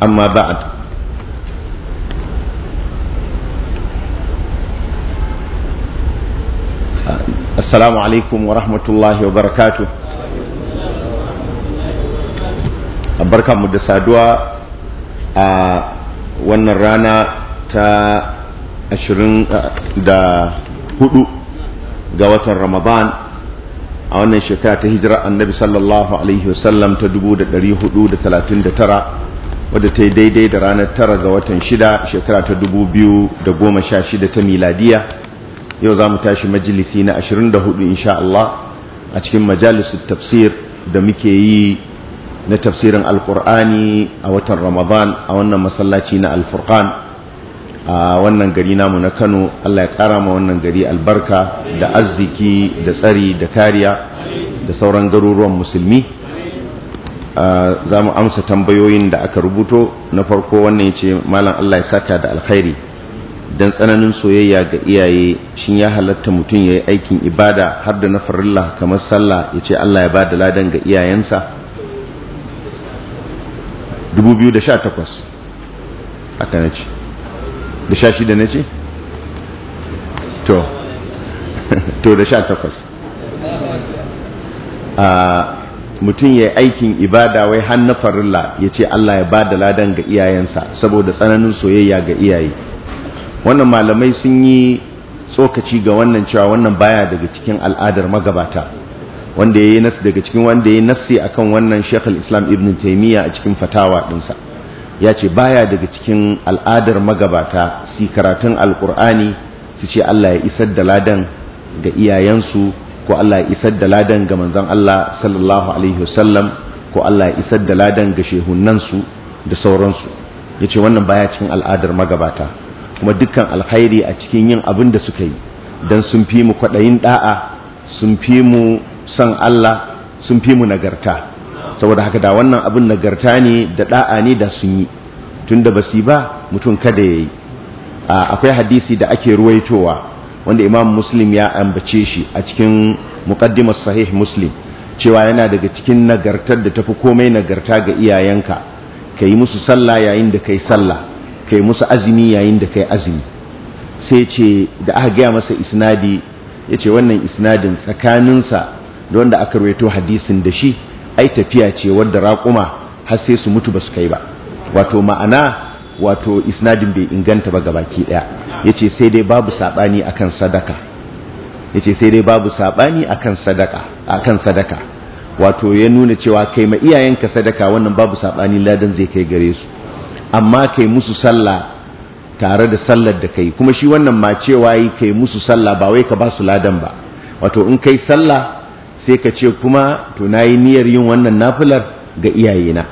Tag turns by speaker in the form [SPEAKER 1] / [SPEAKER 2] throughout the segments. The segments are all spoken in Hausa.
[SPEAKER 1] amma ba'd assalamu alaikum wa rahmatullahi wa barakatuh barkanmu da saduwa a wannan rana ta ashirin da hudu ga watan ramadan a wannan shekara ta hijira annabi sallallahu alaihi wasallam ta tara. wadda ta yi daidai da ranar tara ga watan shida shekara ta dubu biyu da goma sha shida ta miladiya yau za mu tashi majalisi na ashirin da hudu insha Allah a cikin majalisun tafsir da muke yi na tafsirin alkur'ani a watan ramadan a wannan masallaci na alfurkan a wannan gari namu na kano allah ya kara ma wannan gari albarka da arziki da tsari da kariya da sauran garuruwan musulmi za mu amsa tambayoyin da aka rubuto na farko wannan ya ce malam Allah ya saka da alkhairi don tsananin soyayya ga iyaye shin ya halatta mutum ya yi aikin ibada har da na farilla kamar sallah ya ce Allah ya ba da ladan ga iyayensa 2018 haka na ce da sha shida na ce? to da sha takwas mutum ya yi aikin ibada wai har na farilla ya ce Allah ya ba da ladan ga iyayensa saboda tsananin soyayya ga iyaye wannan malamai sun yi tsokaci ga wannan cewa wannan baya daga cikin al'adar magabata wanda ya yi nas daga cikin wanda nasi a akan wannan Sheikh islam Ibn Taymiyyah a cikin fatawa ɗinsa, ya ce baya daga cikin al'adar magabata si karatun alkur'ani su ce Allah ya isar da ladan ga iyayensu ko Allah ya isar da ladan ga manzon Allah sallallahu alaihi wasallam ko Allah ya isar da ladan ga su da sauransu yace wannan baya cikin al'adar magabata kuma dukkan alkhairi a cikin yin abin da suka yi dan sun fi mu kwadayin da'a sun fi mu san Allah sun fi mu nagarta saboda haka da wannan abin nagarta ne da da'a ne da sun yi tunda basi ba mutum kada yayi akwai hadisi da ake ruwaitowa wanda imam muslim ya ambace shi a cikin muqaddimar sahih muslim cewa yana daga cikin nagartar da tafi komai nagarta ga iyayenka ka yi musu sallah yayin da kai sallah ka yi musu azumi yayin da kai azumi sai ce da aka gaya masa isnadi ya ce wannan isnadin tsakaninsa da wanda aka rawaito hadisin da shi ai tafiya ce wadda raƙuma har sai su mutu ba su kai ba wato ma'ana wato isnadin bai inganta ba gabaki ɗaya ce sai dai babu a kan sadaka ce sai dai babu saɓani a kan sadaka wato ya nuna cewa kai ma iyayenka sadaka wannan babu saɓani ladan zai kai gare su amma kai musu sallah tare da sallar da kai kuma shi wannan ma cewa yi kai musu sallah ba wai ka ba su ladan ba wato in kai sallah sai ka ce kuma to na yi niyyar yin wannan nafilar ga iyayena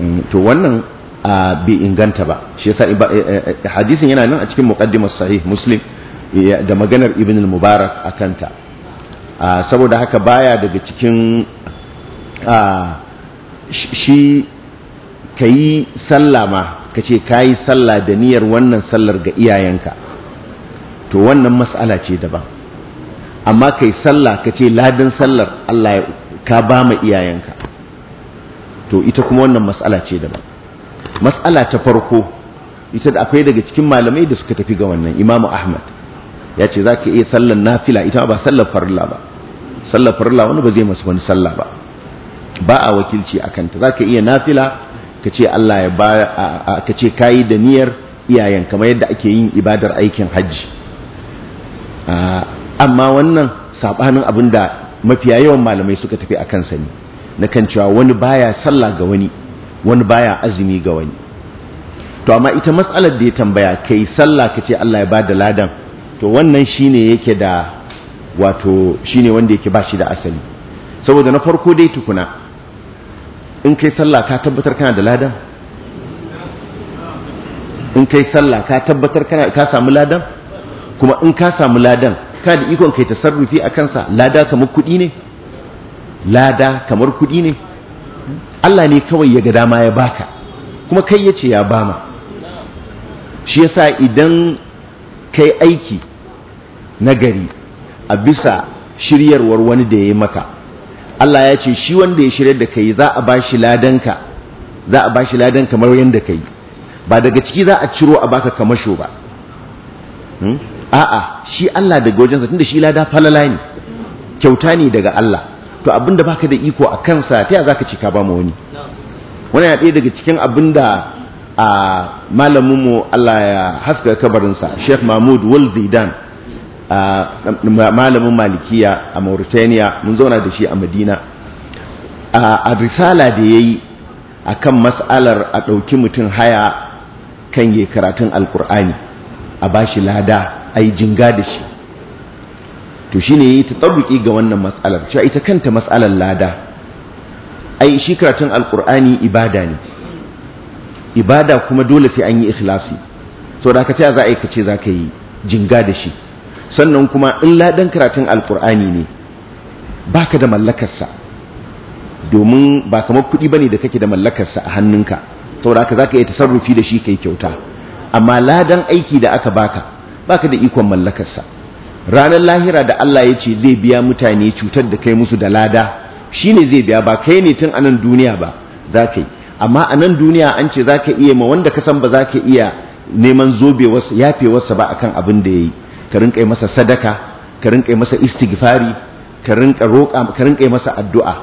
[SPEAKER 1] mm, to wannan bai inganta ba shi yasa eh, eh, eh, hadisin yana nan a cikin muqaddimah sahih muslim da maganar ibn al-mubarak a kanta saboda haka baya daga cikin shi kayi sallah ma kace kayi sallah da niyyar wannan sallar ga iyayenka to wannan mas'ala ce daban amma kai sallah kace ladan sallar Allah ka ba ma iyayenka to ita kuma wannan mas'ala ce daban matsala ta farko ita da akwai daga cikin malamai da suka tafi ga wannan imamu ahmad ya ce za ka iya sallar nafila ita ba sallar farilla ba sallar farilla wani ba zai masu wani sallah ba ba a wakilci a kanta za ka iya nafila ka ce allah ya ba ka ce kayi da niyyar iyayen kamar yadda ake yin ibadar aikin hajji amma wannan sabanin abin da mafiya yawan malamai suka tafi akan sani ne na kan cewa wani baya sallah ga wani wani baya azumi ga wani to amma ita matsalar da ya tambaya kai sallah ce Allah ya ba da ladan to wannan shine yake da wato shine wanda yake ba shi da asali saboda na farko dai tukuna in kai sallah ka tabbatar kana da ladan in kai sallah ka tabbatar kana ka samu ladan kuma in ka samu ladan ka da ikon kai tasarrufi a kansa lada kamar kudi ne lada kamar kuɗi ne Allah ne kawai ya ga dama ya baka kuma kai ya ce ya bama shi yasa idan kai aiki na gari a bisa shiryarwar wani da ya yi maka Allah ya ce shi wanda ya shirya da kai za a bashi ladanka za a shi ladan kamar yadda kai ba daga ciki za a ciro a baka kamasho ba hmm? a'a shi Allah daga wajensa tunda shi lada falala ne kyauta ne daga Allah to abinda baka da iko a kansa ta ya zaka ce ka ba mu wani wani ya ɗaya daga cikin abinda a malamin mu Allah ya haska kabarinsa Sheikh Mahmud Walzidan malamin malikiya a Mauritania mun zauna da shi a Madina a risala da yayi akan mas'alar a ɗauki mutum haya kan yi karatun alkur'ani a bashi lada a yi jinga da shi to shi shine yayi tatarruki ga wannan matsalar cewa ita kanta matsalar lada ai shi karatun alkur'ani ibada ne ibada kuma dole sai an yi ikhlasi da haka sai za a yi kace za ka yi jinga da shi sannan kuma in ladan karatun alkur'ani ne baka da mallakarsa domin ba kamar kuɗi ne da kake da mallakarsa a hannunka saboda haka zaka iya tasarrufi da shi ka yi kyauta amma ladan aiki da aka baka baka da ikon mallakarsa ranar lahira da Allah ya ce zai biya mutane cutar da kai musu da lada shi ne zai biya ba kai ne tun anan duniya ba za ka yi amma anan duniya an ce za ka iya ma wanda ka san ba za ka iya neman zobe wasu yafe wasu ba akan abin da ya yi ka rinƙa masa sadaka ka rinƙa masa istighfari ka rinƙa masa addu'a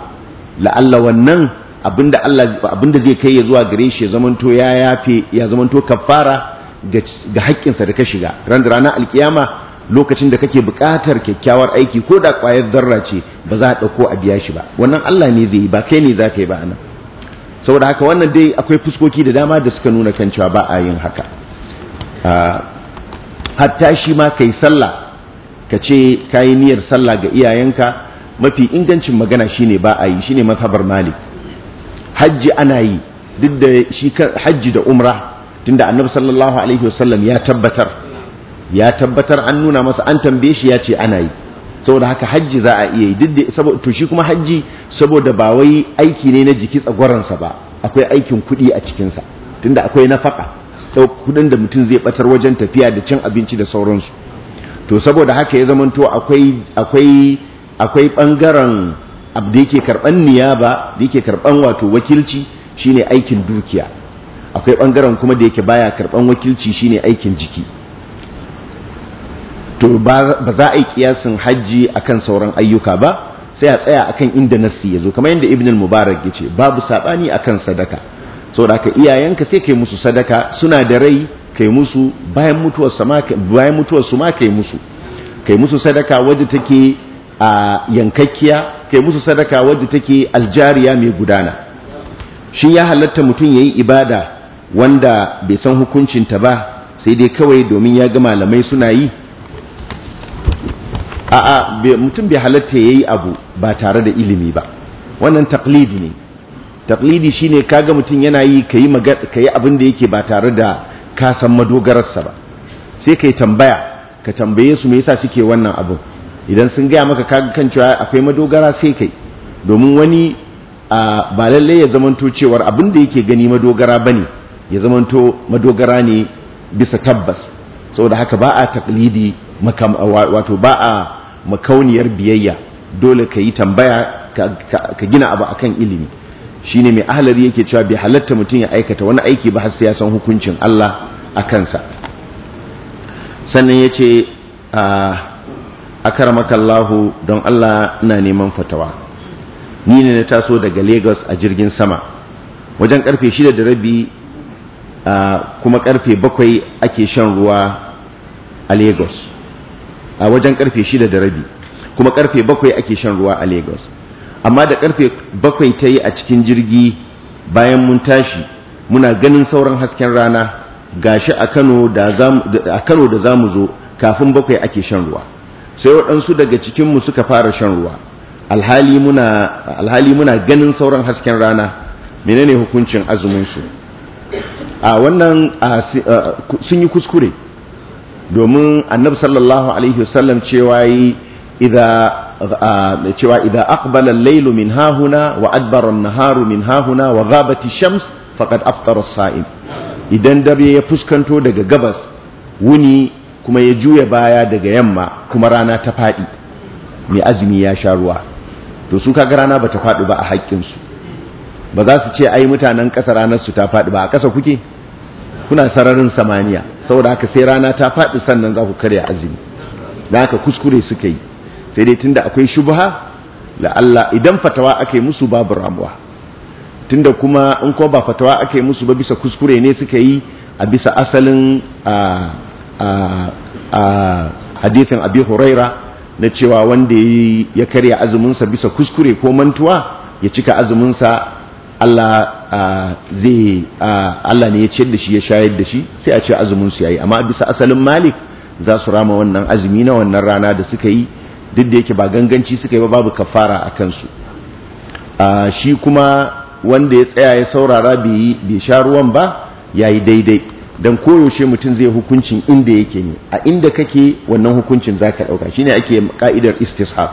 [SPEAKER 1] la'alla wannan abinda Allah zai kai ya zuwa gare shi ya zamanto ya yafe ya zamanto kafara ga haƙƙinsa da ka shiga ran da alkiyama lokacin da kake buƙatar kyakkyawar aiki ko da ƙwayar zarra ce ba za a ɗauko a biya shi ba wannan Allah ne zai yi ba kai ne za ka yi ba anan saboda haka wannan dai akwai fuskoki da dama da suka nuna kan cewa ba a yin haka ah, hatta shi ma kai sallah ka ce ka yi niyyar sallah ga iyayenka mafi ingancin magana shine ba a yi shine mazhabar malik hajji ana yi duk da shi hajji da umra tunda annabi sallallahu alaihi wasallam ya tabbatar ya tabbatar an nuna masa an tambaye shi ya ce ana yi saboda haka hajji za a iya yi duk saboda to shi kuma hajji saboda ba wai aiki ne na jiki tsagoransa ba akwai aikin kuɗi a cikinsa tunda akwai nafaka sau kuɗin da mutum zai ɓatar wajen tafiya da cin abinci da sauransu to saboda haka ya zamanto akwai akwai akwai ɓangaren abu da yake karɓan niyaba da yake karɓan wato wakilci shine aikin dukiya akwai ɓangaren kuma da yake baya karɓan wakilci shine aikin jiki to ba za a yi kiyasin hajji akan sauran ayyuka ba sai a tsaya akan inda nassi ya zo kamar yadda ibn al-mubarak ya ce babu saɓani akan sadaka saboda haka iyayenka sai kai musu sadaka suna da rai kai musu bayan mutuwar su ma kai musu kai musu sadaka wadda take a yankakkiya kai musu sadaka wadda take aljariya mai gudana shi ya halatta mutum ya yi ibada wanda bai san hukuncinta ba sai dai kawai domin ya ga malamai suna yi a'a mutum bai halatta yayi abu ba tare da ilimi ba wannan taqlidi ne taqlidi shine kaga mutum yana yi kayi kayi abin da yake ba tare da kasan madogararsa ba sai kai tambaya ka tambaye su me yasa suke wannan abin idan sun gaya maka kaga kan cewa akwai madogara sai kai domin wani ba lallai ya zamanto cewar abin da yake gani madogara bane ya zamanto madogara ne bisa tabbas saboda haka ba a taqlidi wato ba a makauniyar biyayya dole ka yi tambaya ka gina abu akan ilimi shine mai ahalari yake cewa bai halatta mutum ya aikata wani aiki ba har sai ya san hukuncin Allah a kansa sannan ya ce a karamakallahu don Allah na neman fatawa ni ne na taso daga Lagos a jirgin sama wajen karfe shida da rabi kuma karfe bakwai ake shan ruwa a Lagos a wajen karfe shida da rabi kuma karfe bakwai ake shan ruwa a lagos amma da karfe bakwai ta yi a cikin jirgi bayan mun tashi muna ganin sauran hasken rana gashi a kano da zamu zo kafin bakwai ake shan ruwa sai waɗansu daga cikin mu suka fara shan ruwa alhali muna ganin sauran hasken rana menene hukuncin azumin su a wannan sun yi kuskure domin annabi sallallahu alaihi wasallam cewa yi cewa idza aqbala al-laylu min hahuna wa adbara an-naharu min hahuna wa ghabati shams faqad aftara as-sa'im idan dare ya fuskanto daga gabas wuni kuma ya juya baya daga yamma kuma rana ta fadi mai azumi ya sha ruwa to su kaga rana bata fadi ba a haƙƙinsu ba za su ce ai mutanen ƙasa ranar su ta fadi ba a ƙasa kuke kuna sararin samaniya saboda haka sai rana ta faɗi sannan za ku karya azumi da haka kuskure suka yi sai dai tunda akwai shubha la Allah idan fatawa ake musu babu ramuwa tunda kuma in ko ba fatawa ake musu ba bisa kuskure ne suka yi a bisa asalin a hadisin abi huraira na cewa wanda ya karya azuminsa bisa kuskure ko mantuwa ya cika azuminsa Allah zai Allah ne ya ciyar da shi ya shayar da shi sai a ce azumin su yayi amma bisa asalin malik za su rama wannan azumi na wannan rana da suka yi duk da yake ba ganganci suka yi ba babu kafara a kansu shi kuma wanda ya tsaya ya saurara bai sha ruwan ba yayi daidai dan koyaushe mutum zai hukuncin inda yake ne a inda kake wannan hukuncin zaka dauka shine ake ka'idar istishab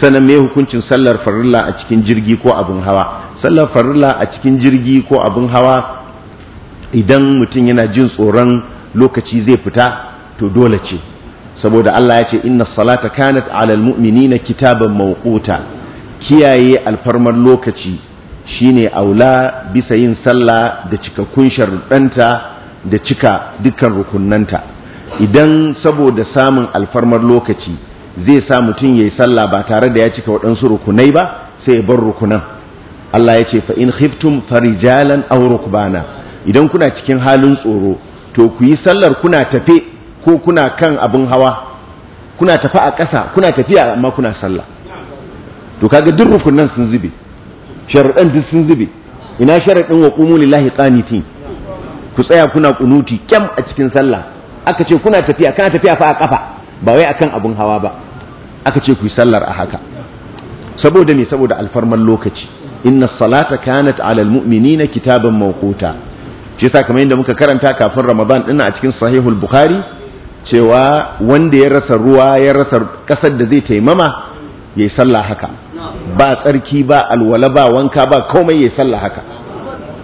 [SPEAKER 1] sannan me hukuncin sallar farilla a cikin jirgi ko abin hawa sallar farilla a cikin jirgi ko abin hawa idan mutum yana jin tsoron lokaci zai fita to dole ce saboda Allah ya ce inna salata kanat alal almu'minina kitaban mawquta kiyaye alfarmar lokaci shine aula bisa yin sallah da cikakkun sharuɗanta da cika dukkan rukunnanta idan saboda samun alfarmar lokaci zai sa mutum yayi sallah ba tare da ya cika waɗansu rukunai ba sai ya bar rukunan Allah ya ce fa in khiftum farijalan aw rukbana idan kuna cikin halin tsoro to ku yi sallar kuna tafe ko kuna kan abin hawa kuna tafi a ƙasa kuna tafiya amma kuna sallah to kaga duk rukunan sun zube sharadan duk sun zube ina sharadin wa qumu lillahi qanitin ku tsaya kuna kunuti kyam a cikin sallah aka ce kuna tafiya kana tafiya fa a kafa ba wai akan abin hawa ba aka ce ku yi sallar a haka saboda me saboda alfarman lokaci inna salata kanat ala na kitaban mawquta shi yasa kamar yadda muka karanta kafin Ramadan din a cikin sahihul Bukhari cewa wanda ya rasa ruwa ya rasa kasar da zai taimama yayi sallah haka ba tsarki ba alwala ba wanka ba komai yayi sallah haka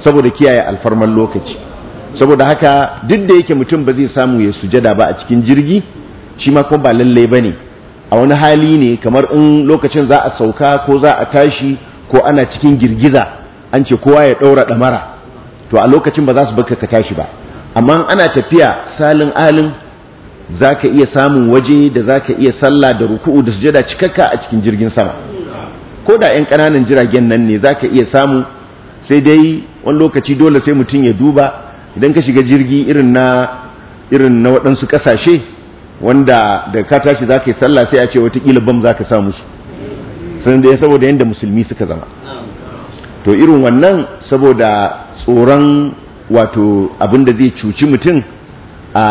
[SPEAKER 1] saboda kiyaye alfarman lokaci saboda haka duk da yake mutum ba zai samu ya sujada ba a cikin jirgi shi ma kuma ba lalle bane a wani hali ne kamar in lokacin za a sauka ko za a tashi ko ana cikin girgiza an ce kowa ya ɗaura ɗamara to a lokacin ba za su baka ka tashi ba amma ana tafiya salin alin za ka iya samun waje da za ka iya sallah da ruku'u da sujada cikakka a cikin jirgin sama ko da 'yan ƙananan jiragen nan ne za ka iya samu sai dai wani lokaci dole sai mutum ya duba idan ka shiga jirgi irin na irin na waɗansu ƙasashe wanda da ka tashi za ka yi sallah sai a ce watakila bam za ka samu su. sun da ya saboda yadda musulmi suka zama to irin wannan saboda tsoron wato abinda zai cuci mutum a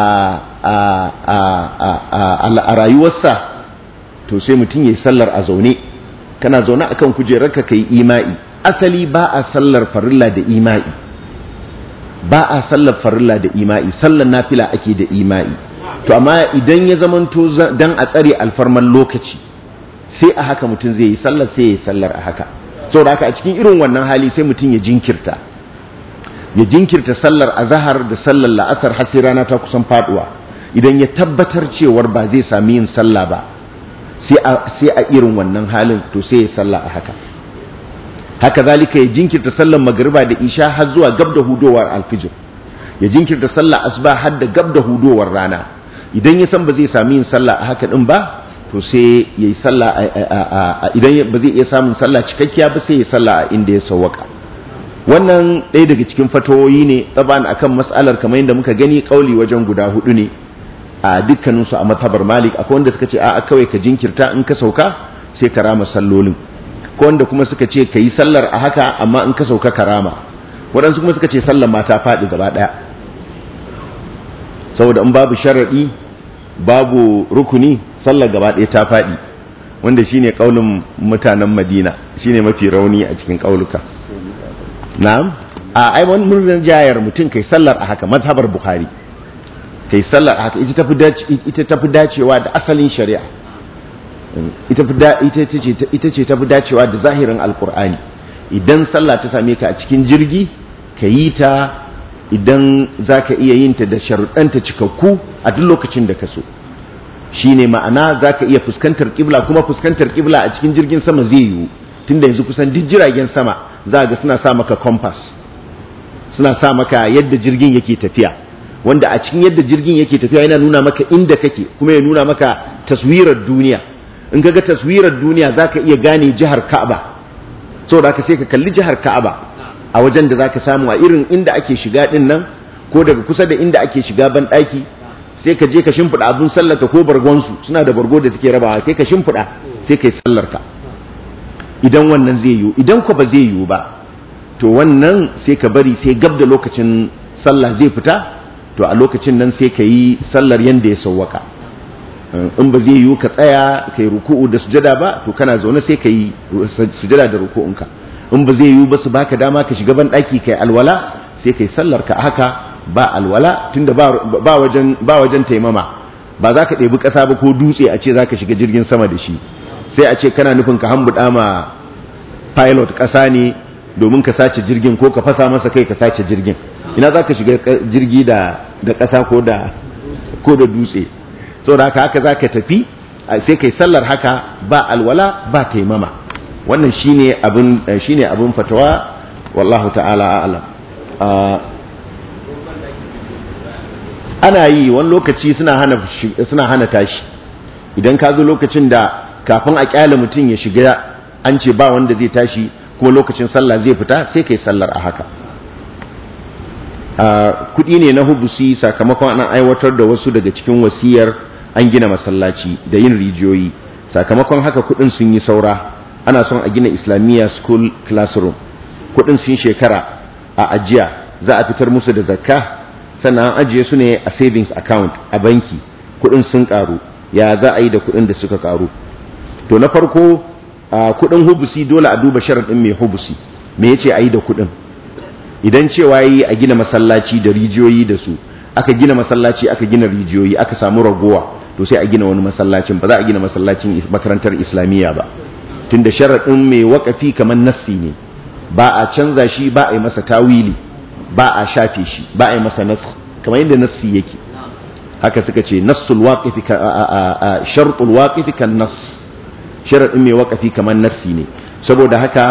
[SPEAKER 1] rayuwarsa to sai mutum ya yi sallar a zaune kana zaune a kan kujerar ka yi ima'i asali ba a sallar farilla da ima'i ba a sallar farilla da ima'i sallar nafila ake da ima'i to amma idan ya zamanto dan a tsare alfarman lokaci sai a haka mutum zai yi sallar sai ya yi sallar a haka saboda haka a cikin irin wannan hali sai mutum ya jinkirta ya jinkirta sallar azahar da sallar la'asar har sai rana ta kusan faduwa idan ya tabbatar cewar ba zai sami yin sallah ba sai a irin wannan halin to sai ya sallah a haka haka zalika ya jinkirta sallar magariba da isha har zuwa gab da hudowar alfijir ya jinkirta sallar asuba har da gab da hudowar rana idan ya san ba zai sami yin sallah a haka din ba to sai ya yi sallah idan ba zai iya samun sallah cikakkiya ba sai ya sallah a inda ya sawwaka wannan ɗaya daga cikin fatawoyi ne tsaban akan mas'alar kamar yadda muka gani kauli wajen guda hudu ne a dukkaninsu a matabar malik akwai wanda suka ce a kawai ka jinkirta in ka sauka sai ka rama sallolin ko wanda kuma suka ce ka yi sallar a haka amma in ka sauka ka rama waɗansu kuma suka ce sallar ma ta faɗi gaba ɗaya saboda in babu sharaɗi babu rukuni sallar gaba ɗaya ta faɗi wanda shine kaulin mutanen madina shine mafi rauni a cikin kauluka na'am a ai wani murnar jayar mutum kai sallar a haka mazhabar bukhari kai sallar a haka ita tafi dacewa da asalin shari'a ita ce tafi dacewa da zahirin alkur'ani idan sallah ta same ka a cikin jirgi ka yi ta idan za ka iya yin ta da sharuɗanta cikakku a duk lokacin da ka so shine ma'ana zaka iya fuskantar kibla kuma fuskantar kibla a cikin jirgin sama zai yiwu tunda yanzu kusan duk jiragen sama za a ga suna sa maka compass suna sa maka yadda jirgin yake tafiya wanda a cikin yadda jirgin yake tafiya yana nuna maka inda kake kuma ya nuna maka taswirar duniya in ga taswirar duniya zaka iya gane jihar Ka'aba saboda haka sai ka kalli jihar Ka'aba a wajen da zaka samu a irin inda ake shiga din nan ko daga kusa da inda ake shiga ban daki sai ka je ka shimfiɗa abin sallarka ko bargonsu suna da bargo da suke rabawa sai ka shimfiɗa sai ka yi sallarka idan wannan zai yiwu idan ko ba zai yiwu ba to wannan sai ka bari sai gab da lokacin sallah zai fita to a lokacin nan sai ka yi sallar yanda ya sawwaka in ba zai yiwu ka tsaya kai ruku'u da sujada ba to kana zaune sai ka yi sujada da ruku'unka in ba zai yiwu ba su baka dama ka shiga ban ɗaki kai alwala sai kai sallar ka haka ba alwala tunda ba wajen ba wajen taimama ba za ka ɗebi ƙasa ba ko dutse a ce za ka shiga jirgin sama da shi sai a ce kana nufin ka hambuɗa ma pilot ƙasa ne domin ka sace jirgin ko ka fasa masa kai ka sace jirgin ina za ka shiga jirgi da ƙasa ko da dutse saboda haka haka za ka tafi sai kai sallar haka ba alwala ba taimama wannan shine abin abin fatawa wallahu ta'ala a'lam ah, ana yi wani lokaci suna hana tashi idan ka zo lokacin da kafin a kyale mutum ya shiga an ce ba wanda zai tashi kuma lokacin sallah zai fita sai kai sallar a haka ah, kudi ne na hubusi sakamakon an aiwatar da wasu daga cikin wasiyar an gina masallaci da yin rijiyoyi sakamakon haka kudin sun yi saura ana son a gina islamiyya school classroom kudin sun shekara a ajiya za a fitar musu da zakka sannan an ajiye su ne a savings account a banki kuɗin sun ƙaru ya za a yi da kuɗin da suka karu to na farko a kuɗin hubusi dole a duba sharaɗin mai hubusi me yace a yi da kuɗin idan cewa yi a gina masallaci da rijiyoyi da su aka gina masallaci aka gina rijiyoyi aka samu ragowa to sai a gina wani masallacin ba za a gina masallacin makarantar islamiyya ba tunda sharaɗin mai wakafi kamar nassi ne ba a canza shi ba a yi masa tawili ba a shafe shi ba a yi masa nasu kamar yadda nassi yake haka suka ce nassul waqifi ka shartul waqifi kan nas sharadin mai waqafi kamar nassi ne saboda haka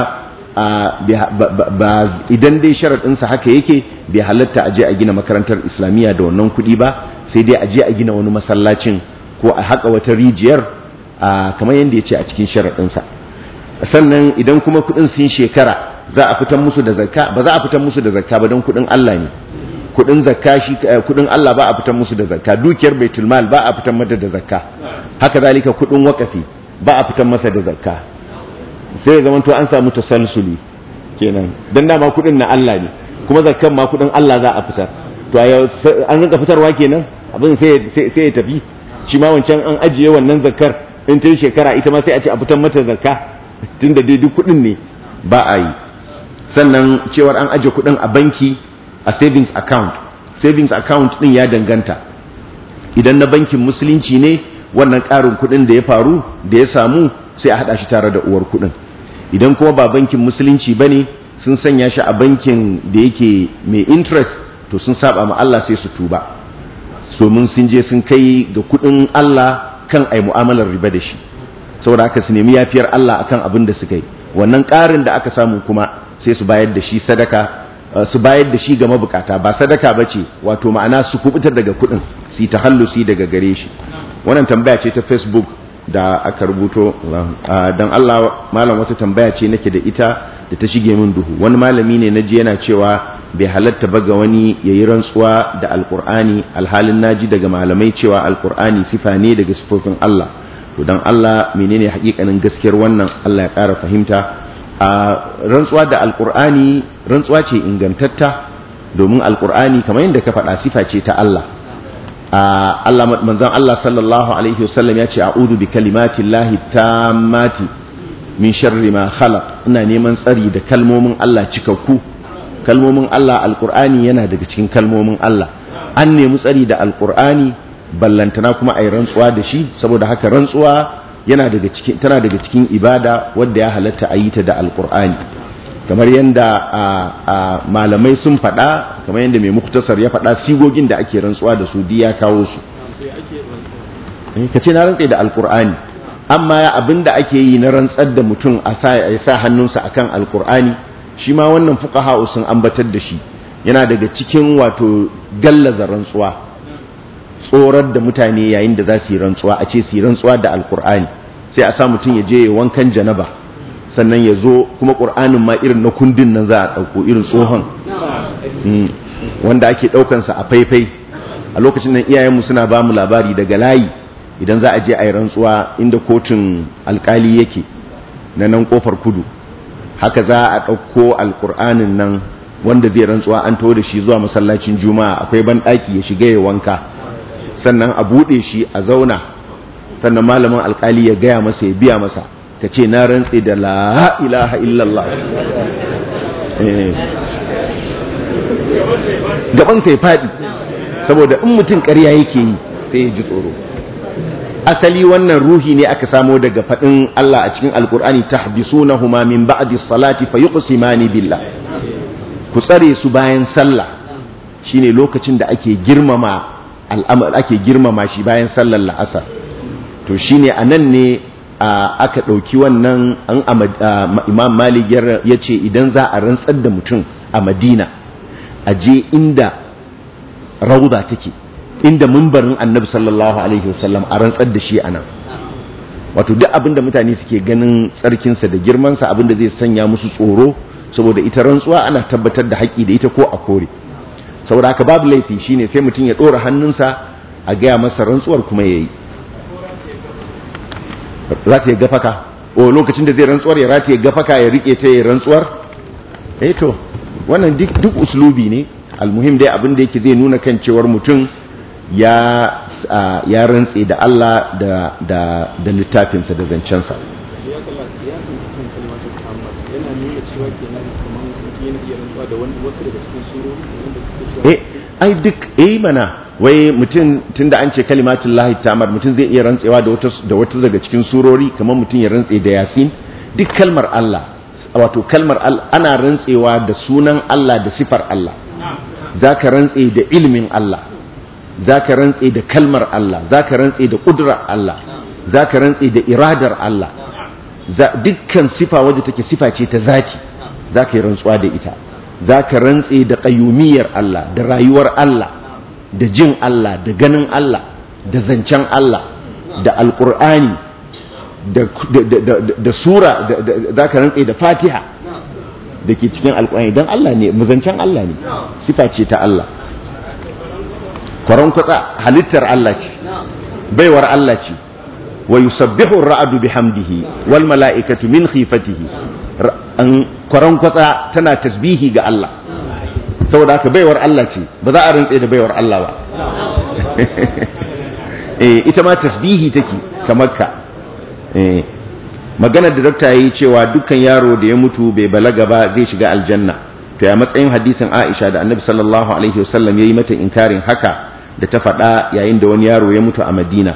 [SPEAKER 1] idan dai sharaɗinsa haka yake bai halatta a je a gina makarantar islamiyya da wannan kuɗi ba sai dai a je a gina wani masallacin ko a haƙa wata rijiyar kamar yadda ya ce a cikin sharaɗinsa sannan idan kuma kuɗin sun shekara za a fitan musu da zakka ba za a fitan musu da zakka ba don kudin Allah ne kudin zakka shi eh, kudin Allah ba a fitan musu da zakka dukiyar baitul mal ba a fitan mata da zakka haka zalika kudin wakafi ba a fitan masa da zakka sai zaman to an samu tasalsuli kenan dan da ma kudin na Allah ne kuma zakkan ma kudin Allah za a fitar to a yau an rinka fitarwa kenan abin sai sai ya tafi shi ma wancan an ajiye wannan zakkar in tun shekara ita ma sai a ce a fitan mata zakka tunda dai duk kudin ne ba a yi sannan cewar an aje kuɗin a banki a savings account savings account ɗin ya danganta idan na bankin musulunci ne wannan karin kuɗin da ya faru da ya samu sai a haɗa shi tare da uwar kuɗin idan kuma ba bankin musulunci ba ne sun sanya shi a bankin da yake mai interest to sun saba ma Allah sai su tuba domin sun je sun kai ga kudin Allah kan ai mu'amalar riba da shi saboda haka su nemi yafiyar Allah akan abin da suka yi wannan karin da aka samu kuma sai su bayar da shi sadaka uh, su bayar da shi ga mabukata ba sadaka ba ce wato ma'ana su kubutar daga kuɗin su yi tahallusi daga gare shi wannan tambaya ce ta facebook da aka rubuto uh, don allah malam wata tambaya ce nake da ita da ta shige min duhu wani malami ne na ji yana cewa bai halatta ba ga wani ya yi rantsuwa da alkur'ani alhalin naji daga malamai cewa alkur'ani sifa ne daga sifofin allah to don allah menene hakikanin gaskiyar wannan allah ya kara fahimta rantsuwa da alkur'ani rantsuwa ce ingantatta domin alkur'ani kamar yadda ka faɗa sifa ce ta Allah Allah manzon Allah sallallahu alaihi wasallam ya ce a'udhu bi kalimati llahi tammati min sharri ma khalaq ina neman tsari da kalmomin Allah cikakku kalmomin Allah alkur'ani yana daga cikin kalmomin Allah an nemi tsari da alkur'ani ballantana kuma ayi rantsuwa da shi saboda haka rantsuwa yana daga cikin tana daga cikin ibada wadda ya halatta a yi ta da alkur'ani kamar yadda malamai sun faɗa kamar yadda mai muktasar ya faɗa sigogin da ake rantsuwa da su diya kawo su eh, ka ce na rantsai da alkur'ani amma abin da ake yi na rantsar da mutum a sa hannunsa akan alkur'ani shi ma wannan fuka sun ambatar da shi yana daga cikin wato gallaza rantsuwa tsorar da mutane yayin da za su yi rantsuwa a ce su yi rantsuwa da alkur'ani sai a sa mutum ya je ya wankan janaba sannan ya zo kuma ƙur'anin ma irin na kundin nan za a ɗauko irin tsohon mm, wanda ake ɗaukansa a faifai a lokacin nan iyayenmu suna ba mu labari daga layi idan za a je a yi rantsuwa inda kotun alkali yake na nan kofar kudu haka za a ɗauko alkur'anin nan wanda zai rantsuwa an taho da shi zuwa masallacin juma'a akwai banɗaki ya shiga ya wanka sannan a buɗe shi a zauna sannan malamin alƙali ya gaya masa ya biya masa ka ce na rantse da la ilaha illallah
[SPEAKER 2] eh. gaban sai faɗi saboda
[SPEAKER 1] in mutum ƙarya yake yi sai ya ji tsoro asali wannan ruhi ne aka samo daga faɗin Allah a cikin alkur'ani huma min ba'di salati fayuqsimani biLla. ku tsare su bayan sallah shine lokacin da ake girmama al'amar ake girmama shi bayan sallar la'asar to shi ne a nan ne aka ɗauki wannan an imam malik ya ce idan za a rantsar da mutum a madina a je inda rauda take inda mumbarin annabi sallallahu alaihi wasallam a rantsar da shi a nan wato duk abin da mutane suke ganin tsarkinsa da girmansa abin da zai sanya musu tsoro saboda ita rantsuwa ana tabbatar da haƙƙi da ita ko a kore saboda haka babu laifi shine sai mutum ya dora hannunsa a gaya masa rantsuwar kuma yayi za ta ga faka o oh, lokacin da zai rantsuwar ya rataye ga faka ya rike ta ya rantsuwar eh to wannan duk uslubi ne almuhim dai abin da yake zai nuna kan cewar mutum ya ya rantse da Allah da da da littafinsa da zancensa
[SPEAKER 2] yana nuna cewa kenan kamar yana iya rantsuwa da wani wasu daga cikin surori wanda eh
[SPEAKER 1] ai duk eh mana wai mutum tunda an ce kalimatul lahi tamar mutum zai iya rantsewa da wata daga cikin surori kamar mutum ya rantse da yasin duk kalmar Allah wato kalmar Allah ana rantsewa da sunan Allah da sifar Allah ka rantse da ilimin Allah ka rantse da kalmar Allah zaka rantse da kudrar Allah zaka rantse da iradar Allah dukkan sifa wadda take sifa ce ta zaki zaka yi rantsuwa da ita za ka rantse da ƙayyumiyar Allah da rayuwar Allah da jin Allah da ganin Allah da zancen Allah da alƙur'ani da sura za ka rantse da fatiha da ke cikin alƙur'ani don Allah ne zancen Allah ne sifa ce ta Allah kwarankwatsa halittar Allah ce baiwar Allah ce wa yusabbihu ra'adu bihamdihi wal mala'ikatu min khifatihi an kwaran kwatsa tana tasbihi ga Allah saboda haka baiwar Allah ce ba za a rantse da baiwar Allah ba eh, ita ma tasbihi take kamar ka eh, maganar da dokta yi cewa dukkan yaro da ya mutu bai balaga ba zai shiga aljanna to ya matsayin hadisin Aisha da Annabi sallallahu alaihi wasallam yayi mata inkarin haka da ta faɗa yayin da wani yaro ya mutu a Madina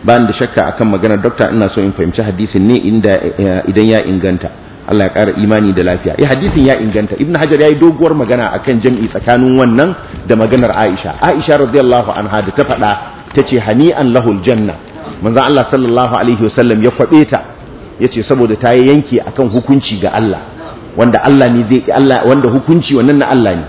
[SPEAKER 1] ba da shakka akan maganar dokta ina so in fahimci hadisin ne eh, idan ya inganta Allah ya ƙara imani da lafiya eh hadisin ya inganta ibn hajar yayi doguwar magana akan jam'i tsakanin wannan da maganar aisha aisha radiyallahu anha da ta faɗa tace hani'an lahul janna manzon Allah sallallahu alaihi wasallam ya kwabe ta yace saboda ta yi yanki akan hukunci ga Allah wanda Allah ne zai Allah wanda hukunci wannan na Allah ne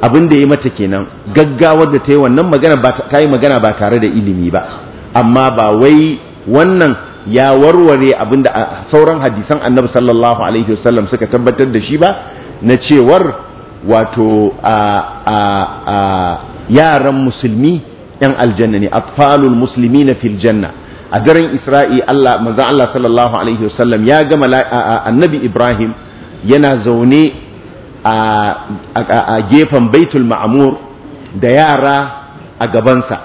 [SPEAKER 1] abin da ya mata kenan gaggawar da ta yi wannan magana ba ta yi magana ba tare da ilimi ba amma ba wai wannan ya warware abinda sauran hadisan annabi sallallahu alaihi wasallam suka tabbatar da shi ba na cewar wato a yaran musulmi yan aljanna ne atfalul muslimina fil janna a daren isra'i Allah manzo Allah sallallahu alaihi wasallam ya ga annabi Ibrahim yana zaune a gefen baitul ma'mur da yara a gabansa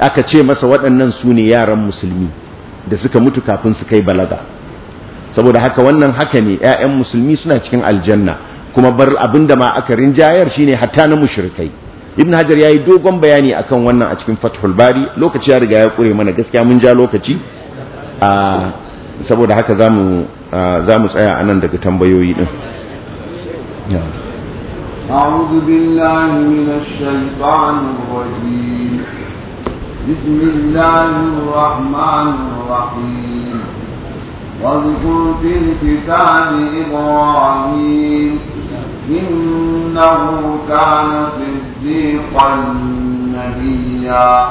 [SPEAKER 1] aka ce masa waɗannan su ne yaran musulmi da suka mutu kafin su kai balaga saboda haka wannan haka ne 'ya'yan musulmi suna cikin aljanna kuma bar abin da ma aka rinjayar shine hatta na mushrikai ibn hajar yayi dogon bayani akan wannan a cikin fathul bari lokaci ya riga ya kure mana gaskiya mun ja lokaci a saboda haka zamu zamu tsaya anan daga tambayoyi din
[SPEAKER 3] أعوذ بالله من الشيطان الرجيم بسم الله الرحمن الرحيم واذكر في الكتاب إبراهيم إنه كان صديقا نبيا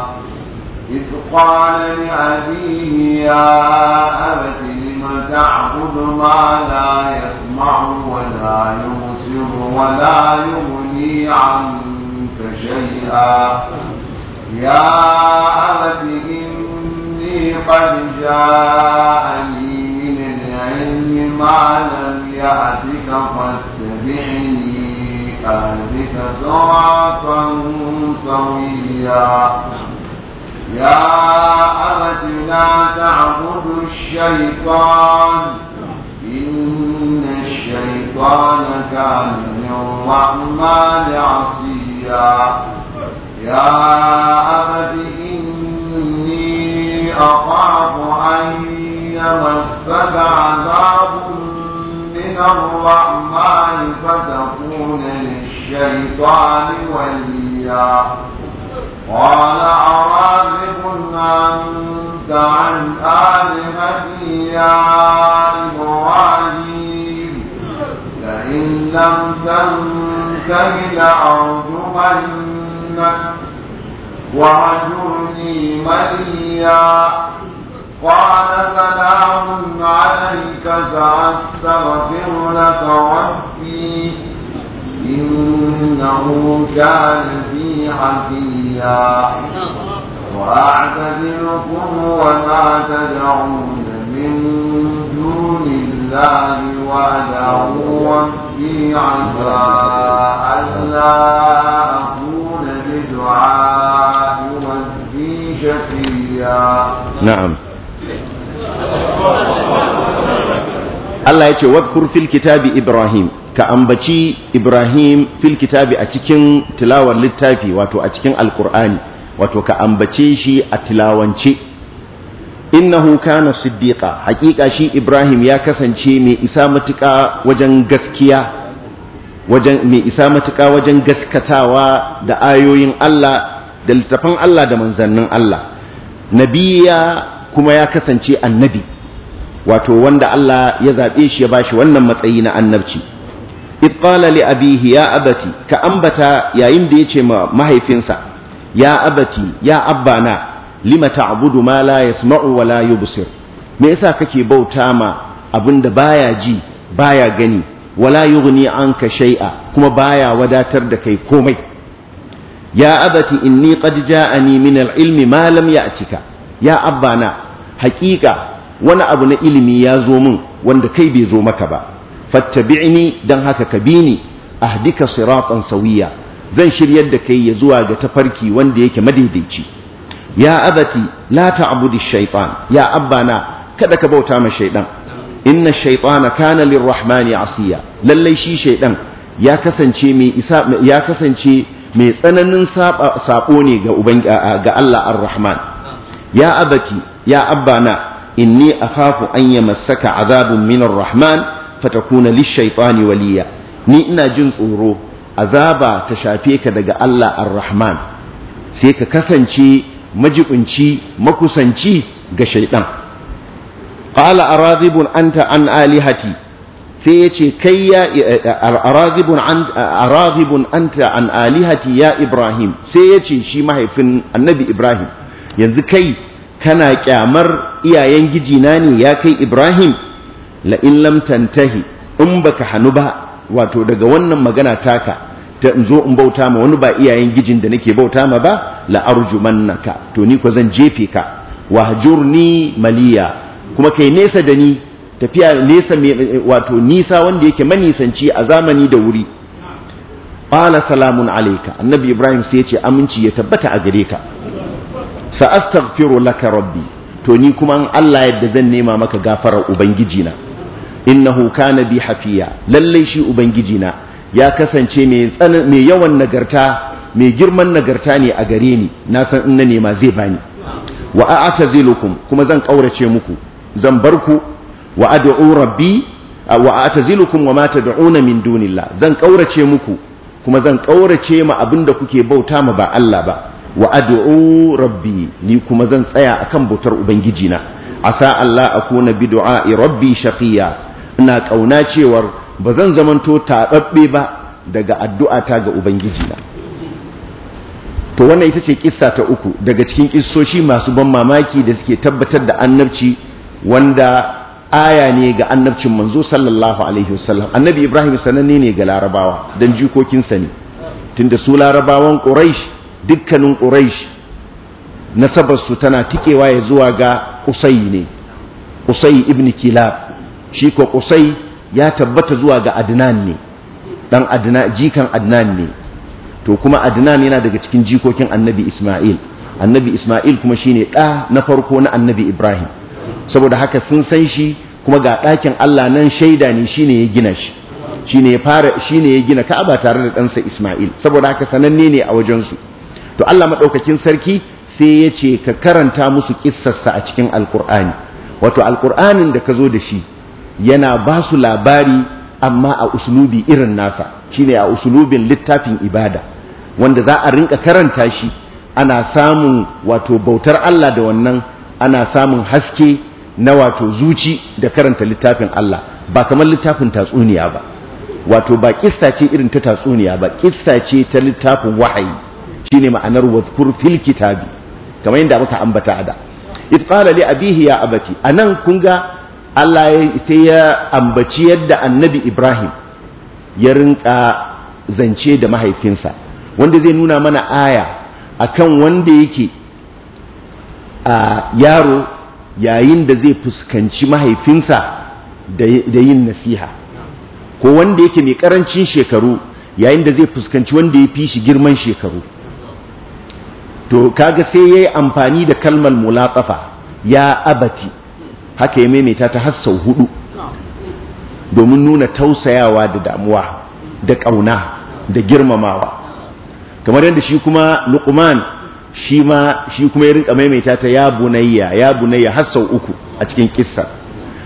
[SPEAKER 3] إذ قال لأبيه يا أبت لم تعبد ما لا يسمع ولا يبصر ولا يغني عنك شيئا يا أبت إني قد جاءني من العلم ما لم يأتك فاتبعني أهدك صراطا سويا يا أبت لا تعبد الشيطان إن الشيطان كان للرحمن عصيا يا أبت إني أخاف أن يمسك عذاب من الرحمن فتكون للشيطان وليا قال أراغب أنت عن آلهتي يا إبراهيم لئن لم تنته لأرجمنك واهجرني مليا قال سلام عليك سأستغفر لك ربي إنه كان بي حفيا وأعتذركم وما تدعون من دون الله وأدعو ربي عسى ألا أكون الدعاء
[SPEAKER 1] Allah ya ce wadkur fil kitabi Ibrahim ka ambaci Ibrahim fil kitabi a cikin tilawar littafi wato a cikin alkur'ani wato ka ambace shi a tilawance Inna Hukana siddiqa haƙiƙa shi Ibrahim ya kasance mai isa matuƙa wajen gaskiya wajen mai isa matuƙa wajen gaskatawa da ayoyin Allah da littafan Allah da manzannin Allah nabiya kuma ya kasance annabi wato wanda Allah ya zaɓe shi ya bashi wannan matsayi na annabci iqala li abihi ya abati ka ambata yayin da yace ma mahaifinsa ya abati ya abbana lima ta'budu ma la yasma'u wa la yubsir me yasa kake bauta ma abinda baya ji baya gani wala yughni anka shay'a kuma baya wadatar da kai komai ya abati inni qad ja'ani min al-ilmi ma lam cika, ya abbana haƙiƙa wani abu na ilimi ya zo min wanda kai bai zo maka ba ni dan haka ka bi ni ahdika siratan sawiya zan shiryar da kai ya zuwa ga tafarki wanda yake madaidaici ya abati la ta'budi shaytan ya abana kada ka bauta ma shaiɗan. inna shaytana kana lirrahmani asiya lallai shi shaydan ya kasance mai isa ya kasance mai tsananin sabo ne ga uban ga Allah ar-rahman ya abati ya abana inni akhafu an yamassaka azabun min ar-rahman fatakuna lish waliya ni ina jin tsoro azaba ta shafe ka daga Allah arrahman sai ka kasance majiƙunci makusanci ga shaiɗan. qala aradibun anta an alihati sai ya kai ya aradibun aradibun ya ibrahim sai yace shi mahaifin annabi ibrahim yanzu kai kana kyamar iyayen gijina ne ya kai ibrahim la in lam tantahi in baka hanu ba wato daga wannan magana taka ta in zo in bauta ma wani ba iyayen gijin da nake bauta ma ba la arjumannaka to ni ko zan jefe ka wahjurni maliya kuma kai nesa da ni tafiya nesa wato nisa wanda yake manisanci a zamani da wuri qala salamun alayka annabi ibrahim sai ce aminci ya tabbata a gare ka sa astaghfiru laka rabbi to ni kuma an Allah yadda zan nema maka gafarar ubangiji na innahu kana bi hafiya lalle shi ubangiji na ya kasance mai yawan nagarta mai girman nagarta ne a gare ni na san in na nema zai bani wa a'tazilukum kuma zan kaurace muku zan bar ku wa ad'u rabbi wa atazilukum wa ma tad'una min dunillah zan kaurace muku kuma zan kaurace ma abinda kuke bauta ma ba Allah ba wa ad'u rabbi ni kuma zan tsaya akan bautar ubangiji na asa Allah akuna bi du'a'i rabbi shaqiya ina kauna cewar ba zan zamanto tababbe ba daga addu'a ta ga ubangiji na to wannan ita ce kissa ta uku daga cikin kissoshi masu ban mamaki da suke tabbatar da annabci wanda aya ne ga annabcin manzo sallallahu alaihi wasallam annabi ibrahim sananne ne ga larabawa dan jikokinsa ne tunda su larabawan quraish dukkanin quraish nasabarsu tana tikewa ya zuwa ga qusay ne qusay ibn kilab shi ko qusay ya tabbata zuwa ga adnan ne dan adna jikan adnan ne to kuma adnan yana daga cikin jikokin annabi isma'il annabi isma'il kuma shine da na farko na annabi ibrahim saboda haka sun san shi kuma ga ɗakin Allah nan shaida ne shine ya gina shi ne ya fara ne ya gina Ka'aba tare da ɗansa Isma'il saboda haka sananne ne a wajen su to Allah madaukakin sarki sai ya ce ka karanta musu ƙissarsa a cikin alkur'ani wato alkur'anin da ka zo da shi yana ba su labari amma a usulubi irin nasa shine a usulubin littafin ibada wanda za a rinka karanta shi ana samun wato bautar Allah da wannan ana samun haske na wato zuci da karanta littafin Allah ba kamar littafin tatsuniya ba wato ba kista ce irin ta tatsuniya ba kista ce ta littafin wahayi shine ma'anar wadhkur fil kitabi kamar yadda muka ambata ada id qala li abihi ya abati anan kun ga Allah ya sai ya ambaci yadda annabi Ibrahim ya rinka zance da mahaifinsa wanda zai nuna mana aya akan wanda yake a yaro yayin da zai fuskanci mahaifinsa da yin nasiha ko wanda yake mai karancin shekaru yayin da zai fuskanci wanda ya fi shi girman shekaru to kaga sai ya yi amfani da kalmar mulatsafa ya abati haka ya maimaita ta har sau hudu domin nuna tausayawa da damuwa da ƙauna da girmamawa kamar yadda shi kuma luqman shi ma shi kuma ya rinka maimaita ta ya bunayya ya bunayya har sau uku a cikin kissa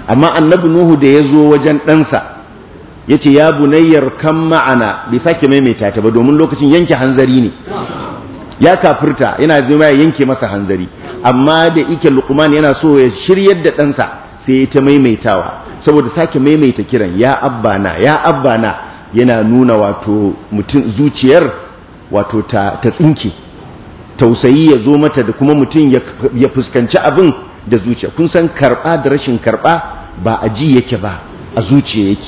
[SPEAKER 1] amma annabi nuhu da ya zo wajen ɗansa ya ce ya bunayyar kan ma'ana bai sake maimaita ta ba domin lokacin yanke hanzari ne ya kafirta yana zama ya yanke masa hanzari amma da ike lukman yana so ya shiryar da ɗansa sai ya ta maimaitawa saboda sake maimaita kiran ya abbana ya abbana yana nuna wato mutum zuciyar wato ta tsinke tausayi ya zo mata da kuma mutum ya fuskanci abin da zuciya kun san karɓa da rashin karɓa ba a ji yake ba a zuciya yake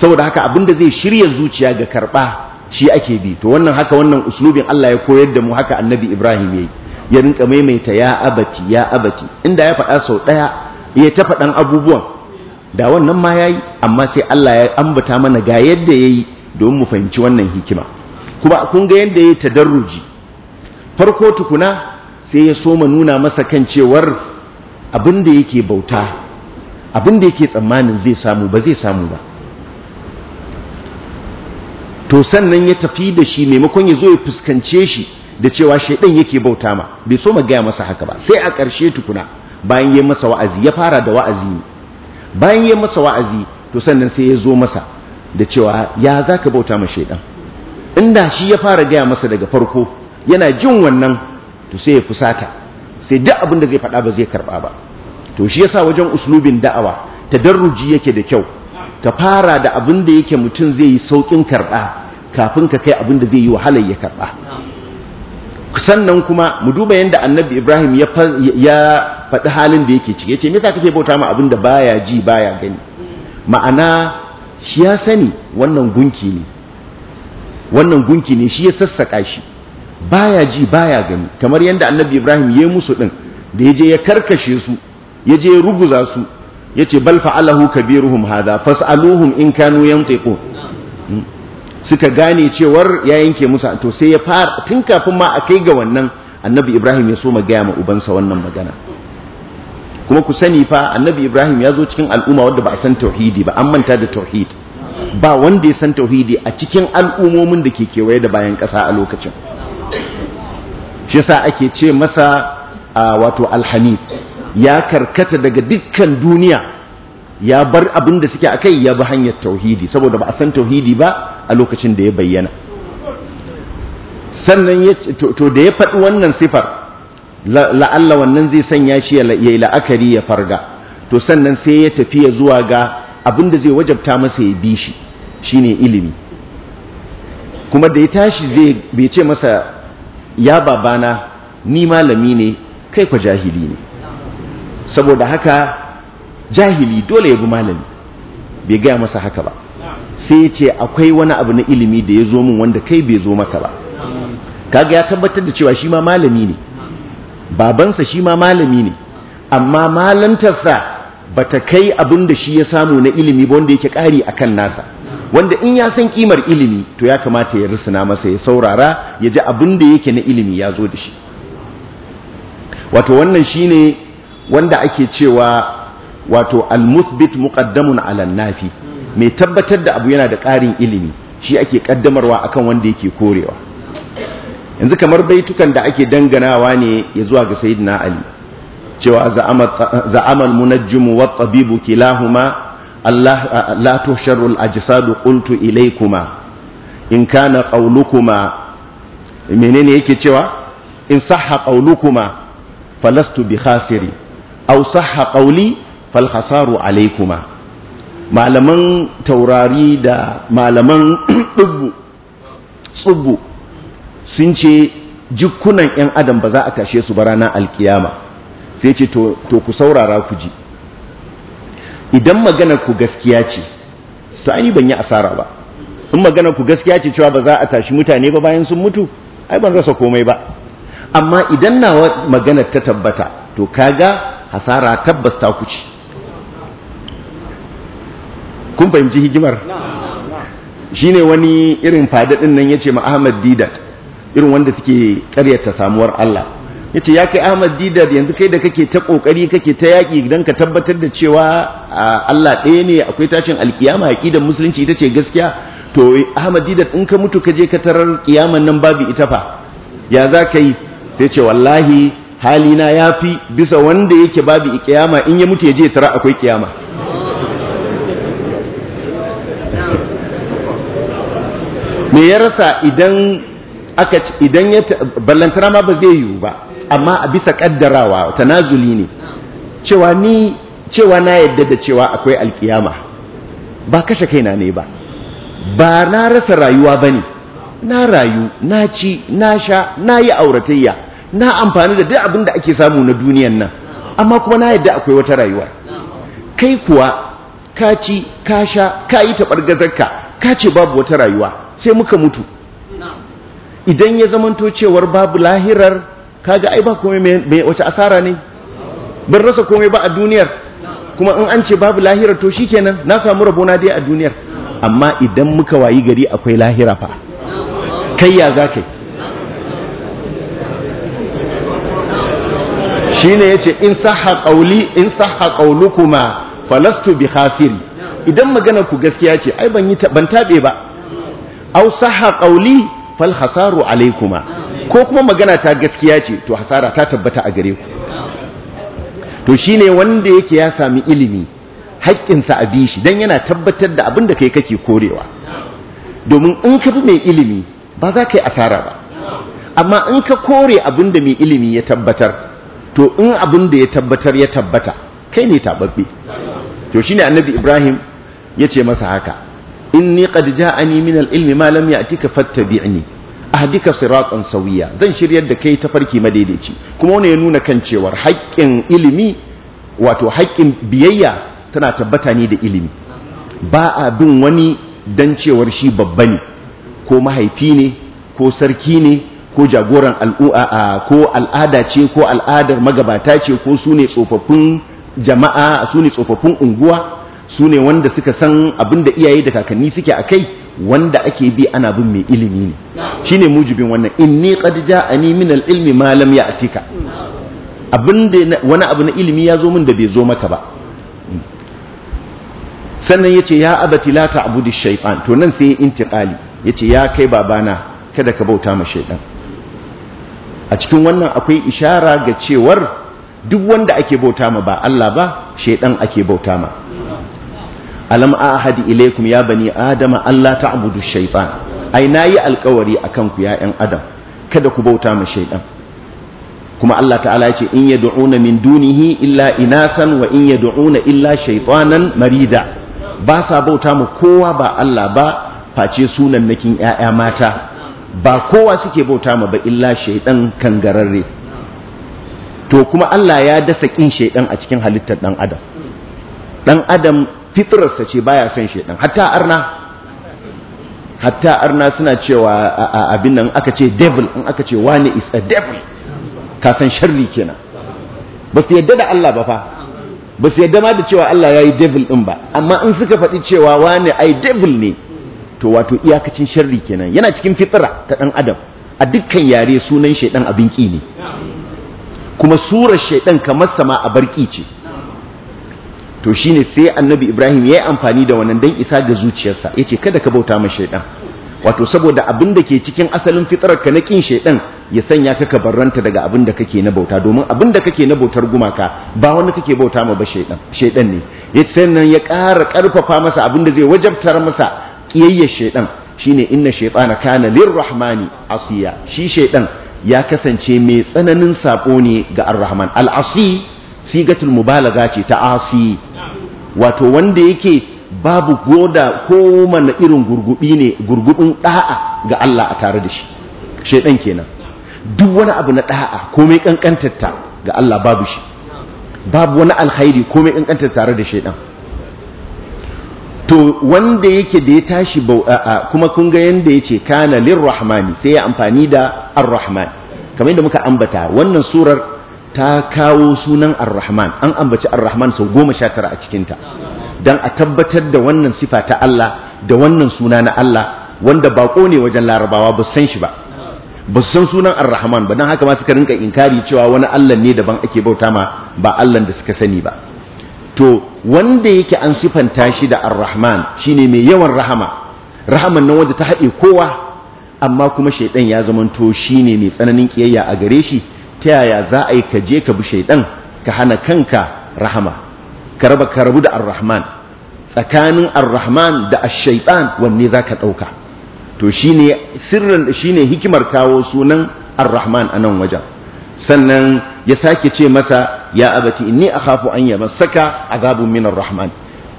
[SPEAKER 1] saboda haka abin da zai shirya zuciya ga karɓa shi ake bi to wannan haka wannan uslubin Allah ya koyar da mu haka annabi Ibrahim ya yi. ya rinka maimaita ya abati ya abati inda ya faɗa sau ɗaya ya ta faɗan abubuwan da wannan ma ya yi, amma sai Allah ya ambata mana ga yadda ya yi domin mu fahimci wannan hikima kuma kun ga yadda ya yi tadarruji farko tukuna sai ya soma nuna masa kan cewar abin da yake bauta abin da yake tsammanin zai samu ba zai samu ba to sannan ya tafi da shi maimakon ya zo ya fuskance shi da cewa shaidan yake bauta ma bai so gaya masa haka ba sai a ƙarshe tukuna bayan ya masa wa'azi ya fara da wa'azi ne bayan ya masa wa'azi to sannan sai ya zo masa da cewa ya za ka bauta ma shaidan inda shi ya fara gaya masa daga farko yana jin wannan to sai ya fusata sai duk abin da zai faɗa ba zai karɓa ba to shi yasa wajen uslubin da'awa tadarruji yake da kyau ka fara da abin da yake mutum zai yi saukin karɓa kafin ka kai abin da zai yi wahalar ya karɓa sannan kuma mu duba yadda annabi ibrahim ya faɗi halin da yake ciki yace me yasa kake bauta ma abin da baya ji baya gani ma'ana shi ya sani wannan gunki ne wannan gunki ne shi ya sassaka shi baya ji baya gani kamar yadda annabi ibrahim ya musu din da ya je ya karkashe su ya je ya ruguza su ya ce bal fa'alahu kabiruhum hadha fas'aluhum in kanu yantiqun hmm. suka gane cewar ya yanke musu to sai ya fara tun kafin ma a kai ga wannan annabi ibrahim ya so ma gaya ma ubansa wannan magana kuma ku sani fa annabi ibrahim ya zo cikin al'umma wadda ba san tauhidi ba an manta da tauhid ba wanda ya san tauhidi a cikin al'ummomin da ke kewaye da bayan ƙasa a lokacin shi yasa ake ce masa wato alhanif ya karkata daga dukkan duniya ya bar abin da suke kai ya bi hanyar tauhidi saboda ba a san tauhidi ba a lokacin da ya bayyana sannan to da ya faɗi wannan sifar la'alla wannan zai sanya shi ya yi la'akari ya farga to sannan sai ya tafi ya zuwa ga abin da zai wajabta masa ya bi shi shine ilimi kuma da ya tashi zai bai ce masa ya babana ni malami ne kai kwa jahili ne saboda haka jahili dole ya bi malami bai gaya masa haka ba sai ya ce akwai wani abu na ilimi da ya zo min wanda kai bai zo maka ba kaga ya tabbatar da cewa shi ma malami ne babansa shi ma malami ne amma malantarsa ta kai abin da shi ya samu na ilimi ba wanda yake ƙari akan nasa wanda in ya san kimar ilimi to ya kamata ya rusuna masa ya saurara ya ji abin da yake na ilimi ya zo da shi wato wannan shine wanda ake cewa wato al-musbit muqaddamun ala nafi mai tabbatar da abu yana da ƙarin ilimi shi ake kaddamarwa akan wanda yake korewa yanzu kamar baitukan da ake danganawa ne ya zuwa ga sayyidina ali cewa za'amal munajjimu wat tabibu kilahuma Allah la tusharru al-ajsadu qultu in kana menene yake cewa in sahha qawlukuma falastu bi khasiri aw sahha qawli fal khasaru alaykuma malaman taurari da malaman dubbu tsubbu sun ce jikunan 'yan adam ba za a tashe su ba ranar alkiyama sai ce to ku saurara ku ji idan maganar ku gaskiya ce to ai ban yi asara ba in maganar ku gaskiya ce cewa ba za a tashi mutane ba bayan sun mutu ai ban rasa komai ba amma idan nawa maganar ta tabbata to kaga hasara tabbas ta kuci kun fahimci hikimar shine wani irin fadadin nan yace ma Ahmad Didat irin wanda suke karyata samuwar Allah yace ya kai Ahmad Didar yanzu kai da kake ta kokari kake ta yaki dan ka tabbatar da cewa Allah ɗaya ne akwai tashin alkiyama aqidar musulunci ita ce gaskiya to Ahmad Didar in ka mutu ka je ka tarar kiyaman nan babu ita fa ya za ka yi sai ce wallahi halina ya fi bisa wanda yake babu kiyama in ya mutu ya je tara akwai kiyama me ya rasa idan aka idan ya ballantara ma ba zai yiwu ba amma a bisa kaddarawa tanazuli ne cewa ni cewa na yadda da cewa akwai alkiyama ba kashe kaina ne ba ba na rasa rayuwa ba ne na rayu na ci na sha na yi auratayya na amfani da duk abin da ake samu na duniyan nan amma kuma na yadda akwai wata rayuwa kai kuwa ka ci ka sha ka yi taɓargazarka ka ce babu wata rayuwa sai muka mutu idan ya zamanto cewar babu lahirar kaga ai ba komai mai wace asara ne ban rasa komai ba a duniyar kuma in an ce babu lahira to shi kenan na samu rabona dai a duniyar amma idan muka wayi gari akwai lahira fa kai ya za kai shine yace in sahha qawli in sahha qawlukuma falastu bi khasir idan maganar ku gaskiya ce ai ban yi ban tabe ba aw sahha qawli fal khasaru alaykuma ko kuma magana ta gaskiya ce to hasara ta tabbata a gare ku to shine wanda yake ya sami ilimi haƙƙinsa a bishi shi don yana tabbatar da abin da kai kake korewa domin in ka bi mai ilimi ba za ka yi asara ba amma in ka kore abin da mai ilimi ya tabbatar to in abin da ya tabbatar ya tabbata kai ne tababbe to shine annabi ibrahim ya ce masa haka inni qad ja'ani min al-ilmi ma lam ya'tika fattabi'ni ahdika siratan sawiya zan shiryar da kai ta farki madaidaici kuma wannan ya nuna kan cewar haƙƙin ilimi wato haƙƙin biyayya tana tabbata ne da ilimi ba a bin wani dan cewar shi babba ne ko mahaifi ne ko sarki ne ko jagoran al'u'a ko al'ada ce ko al'adar magabata ce ko su ne tsofaffin jama'a su ne tsofaffin unguwa su ne wanda suka san abin da iyaye da kakanni suke a kai wanda ake bi ana bin mai ilimi ne shine mujibin wannan inni qad ja'ani min al-ilmi ma lam ya'tika abinda wani abu na ilimi ya zo min da bai zo maka ba sannan yace ya abati la ta'budu shaytan to nan sai intiqali yace ya kai babana kada ka bauta ma shaytan a cikin wannan akwai ishara ga cewar duk wanda ake bauta ma ba Allah ba shaytan ake bauta ma alam ahadi ilaikum ya bani adama Allah ta'budu shaytan ai nayi alkawari akan ku ya ƴan adam kada ku bauta ma shaytan kuma Allah ta'ala yace in yad'una min dunihi illa inasan wa in yad'una illa shaytanan marida ba sa bauta ma kowa ba Allah ba face sunan nakin ƴaƴa mata ba kowa suke bauta ma ba illa shaytan kangararre to kuma Allah ya dasa kin shaytan a cikin halittar dan adam dan adam fitrarsa ce baya son shedan hatta arna hatta arna suna cewa abin nan aka ce devil in aka ce wani is a devil ka san sharri kenan ba su yadda da Allah ba fa ba su yadda ma da cewa Allah ya yi devil ɗin ba amma in suka faɗi cewa wani ai devil ne to wato iyakacin sharri kenan yana cikin fitra ta ɗan adam a dukkan yare sunan shaidan abin ƙi ne kuma surar shaidan kamar sama a barki ce to shine sai annabi ibrahim ya yi amfani da wannan dan isa ga zuciyarsa ya ce kada ka bauta ma shaidan wato saboda abin da ke cikin asalin fitrar ka na kin shaidan ya sanya ka ka barranta daga abin da kake na bauta domin abin da kake na bautar gumaka ba wani kake bauta ma ba shaidan shaidan ne ya sannan ya ƙara ƙarfafa masa abin da zai wajabtar masa kiyayyar shaidan shine inna shaytana kana lirrahmani asiya shi shaidan ya kasance mai tsananin sako ne ga arrahman al-asi sigatul mubalaga ce ta asi wato wanda yake babu goda ko mana irin gurgubi ne gurgubin da'a ga Allah a tare da shi shaidan kenan duk wani abu na da'a komai kankantarta ga Allah babu shi babu wani alkhairi komai kankantar tare da shaidan to wanda yake da ya tashi kuma kun ga yanda ce kana lirrahmani sai ya amfani da arrahman kamar yadda muka ambata wannan surar ta kawo sunan ar-rahman an ambaci ar-rahman sau goma sha tara a cikinta don a tabbatar da wannan sifa ta Allah da wannan suna na Allah wanda bako ne wajen larabawa ba san shi ba ba san sunan ar-rahman ba don haka ma suka rinka inkari cewa wani Allah ne daban ake bauta ma ba Allah da suka sani ba to wanda yake an sifanta shi da ar-rahman shine mai yawan rahama rahaman nan wanda ta haɗe kowa amma kuma shaidan ya zamanto ne mai tsananin kiyayya a gare shi ta yaya za a yi ka je ka bi shaidan ka hana kanka rahama ka raba ka rabu da ar-rahman tsakanin ar-rahman da ash-shaytan wanne za ka ɗauka to shine sirrin shine hikimar kawo sunan ar-rahman anan wajen sannan ya sake ce masa ya abati inni akhafu an yamassaka azabun min ar-rahman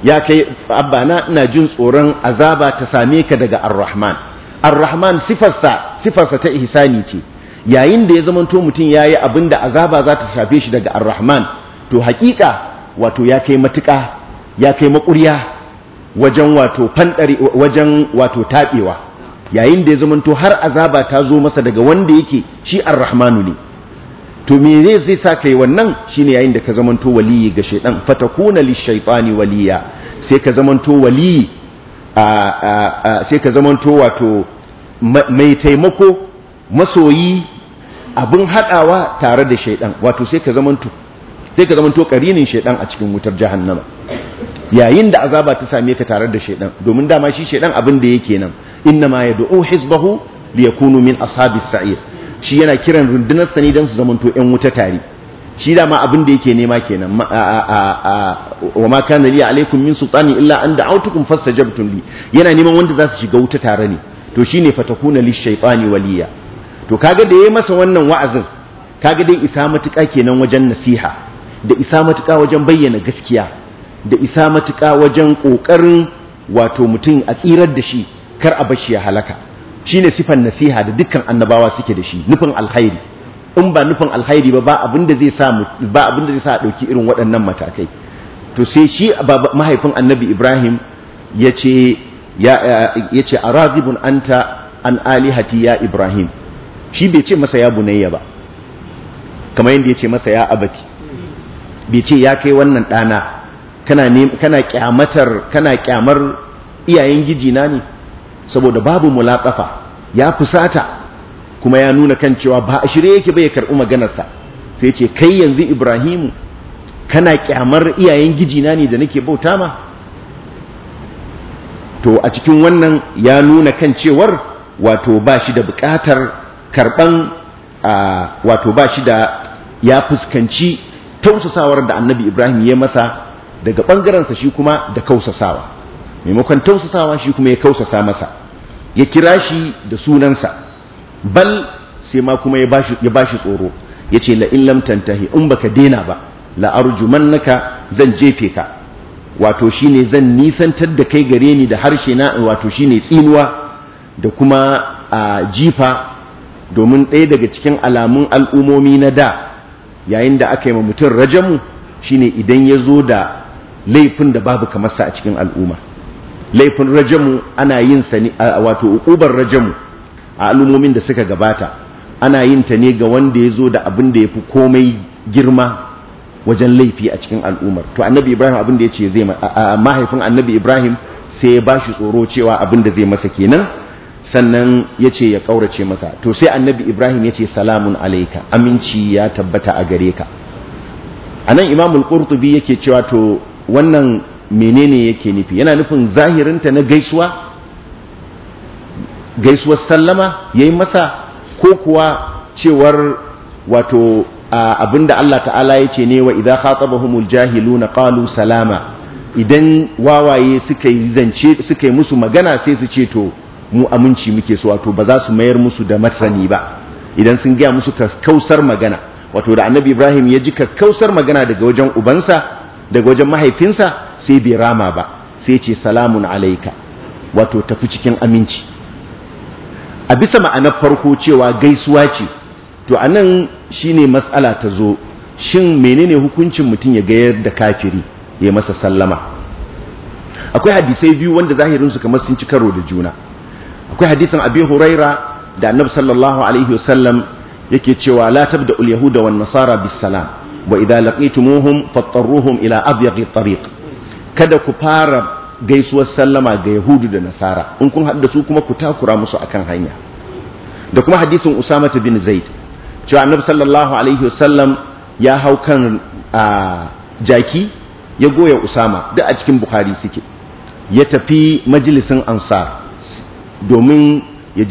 [SPEAKER 1] ya kai abana ina jin tsoron azaba ta same ka daga ar-rahman ar-rahman sifarsa sifarsa ta ihsani ce yayin da ya zamanto mutum ya yi abin da azaba za ta shafe shi daga arrahman to hakika wato ya kai matuƙa ya kai maƙurya wajen wato fanɗari wajen wato taɓewa yayin da ya zamanto har azaba ta zo masa daga wanda yake shi arrahmanu ne to me zai zai sa kai wannan shine yayin da ka zamanto waliyi ga shaitan fatakuna lishaytani waliya sai ka zamanto waliyi sai ka zamanto wato mai taimako masoyi abin haɗawa tare da shaidan wato sai ka zamanto sai ka zamanto karinin shaidan a cikin wutar jahannama yayin da azaba ta same ka tare da shaiɗan, domin dama shi shaidan abin da yake nan inna ma yad'u hizbahu liyakunu min ashabis sa'ir shi yana kiran rundunar sani dan su zamanto yan wuta tare shi dama abin da yake nema kenan wa ma kana li alaikum min sultani illa an da'awtukum fastajabtum li yana neman wanda za su shiga wuta tare ne to shine fatakuna lishaytani waliya to kaga da yayi masa wannan wa'azin kaga dai isa matuƙa kenan wajen nasiha da isa matuƙa wajen bayyana gaskiya da isa matuƙa wajen ƙoƙarin wato mutum a tsirar da shi kar a bar shi ya halaka shine sifan nasiha da dukkan annabawa suke da shi nufin alkhairi in ba nufin alkhairi ba ba abin da zai sa ba abin da zai sa a ɗauki irin waɗannan matakai to sai shi mahaifin annabi ibrahim ya ya ce arazibun anta an alihati ya ibrahim shi bai ce masa ya bunayya ba kamar yadda ya ce masa ya abati bai ce ya kai wannan ɗana kana kyamatar kana kyamar iyayen gijina ne saboda babu mulaƙafa ya fusata kuma ya nuna kan cewa ba a shirye yake bai karɓi maganarsa sai ce kai yanzu ibrahimu kana kyamar iyayen gijina ne da nake bauta ma to a cikin wannan ya nuna kan cewar wato ba shi da buƙatar karban wato ba shi da ya fuskanci tausasawar da annabi ibrahim ya masa daga ɓangarensa shi kuma da kausasawa maimakon tausasawa shi kuma ya kausasa masa ya kira shi da sunansa bal sai ma kuma ya ba shi tsoro ya ce la'in lam tantahi in baka daina ba la'arjumannaka zan jefe ka wato shine zan nisantar da kai gare ni da harshe na wato shine tsinuwa da kuma a jifa domin ɗaya daga cikin alamun al'umomi na da yayin da aka yi ma mutum rajamu shine idan ya zo da laifin da babu kamarsa a cikin al'umma laifin rajamu ana yin sa ne wato ukubar rajamu a al'ummomin da suka gabata ana yin ta ne ga wanda ya zo da abin da ya fi komai girma wajen laifi a cikin al'ummar to annabi ibrahim abin da ya ce zai mahaifin annabi ibrahim sai ya ba shi tsoro cewa abin da zai masa kenan sannan ya ce ya ƙaurace masa to sai annabi ibrahim ya ce salamun alaika aminci ya tabbata a gare ka a nan imamul ƙurtubi yake cewa to wannan menene yake nufi yana nufin zahirinta na gaisuwa gaisuwar sallama ya yi masa ko kuwa cewar wato abinda Allah ta'ala ya ce ne wa idza khatabahumul jahiluna qalu salama idan wawaye suka yi zance suka yi musu magana sai su ce to mu aminci muke so wato ba za su mayar musu da matsani ba idan sun gaya musu kausar magana wato da annabi ibrahim ya ji kausar magana daga wajen ubansa daga wajen mahaifinsa sai bai rama ba sai ce salamun alaika wato tafi cikin aminci a bisa ma'anar farko cewa gaisuwa ce to anan shine matsala ta zo shin menene hukuncin mutum ya gayar da kafiri ya masa sallama akwai hadisai biyu wanda zahirinsu kamar sun ci karo da juna akwai hadisin abi huraira da annabi sallallahu alaihi wasallam yake cewa la tabda al yahuda wan nasara bis salam wa idza laqitumuhum fattarruhum ila abyaghi tariq kada ku fara gaisuwar sallama ga yahudu da nasara in kun haɗu su kuma ku takura musu akan hanya da kuma hadisin usama bin zaid cewa annabi sallallahu alaihi wasallam ya hau kan jaki ya goya usama duk a cikin bukhari suke ya tafi majalisin ansar domin ya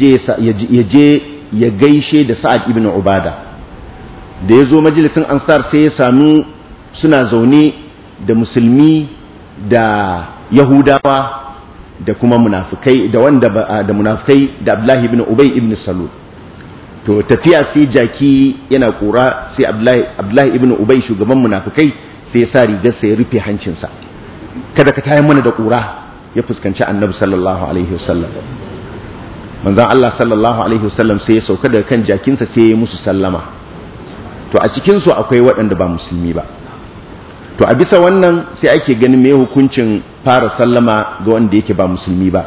[SPEAKER 1] je ya gaishe da sa'ad ibn ubada da ya zo majalisin ansar sai ya sami suna zaune da musulmi da yahudawa da kuma munafukai da wanda da munafukai da abdullahi ibn ubay ibn salul to tafiya sai jaki yana kura sai abdullahi ibn ubay shugaban munafukai sai ya sa rigarsa ya rufe hancinsa kada ka tayar mana da kura ya fuskanci annabi sallallahu alaihi wasallam manzon Allah sallallahu alaihi wasallam sai ya sauka daga kan jakinsa sai ya musu sallama to a cikinsu akwai waɗanda ba musulmi ba to a bisa wannan sai ake ganin mai hukuncin fara sallama ga wanda yake ba musulmi ba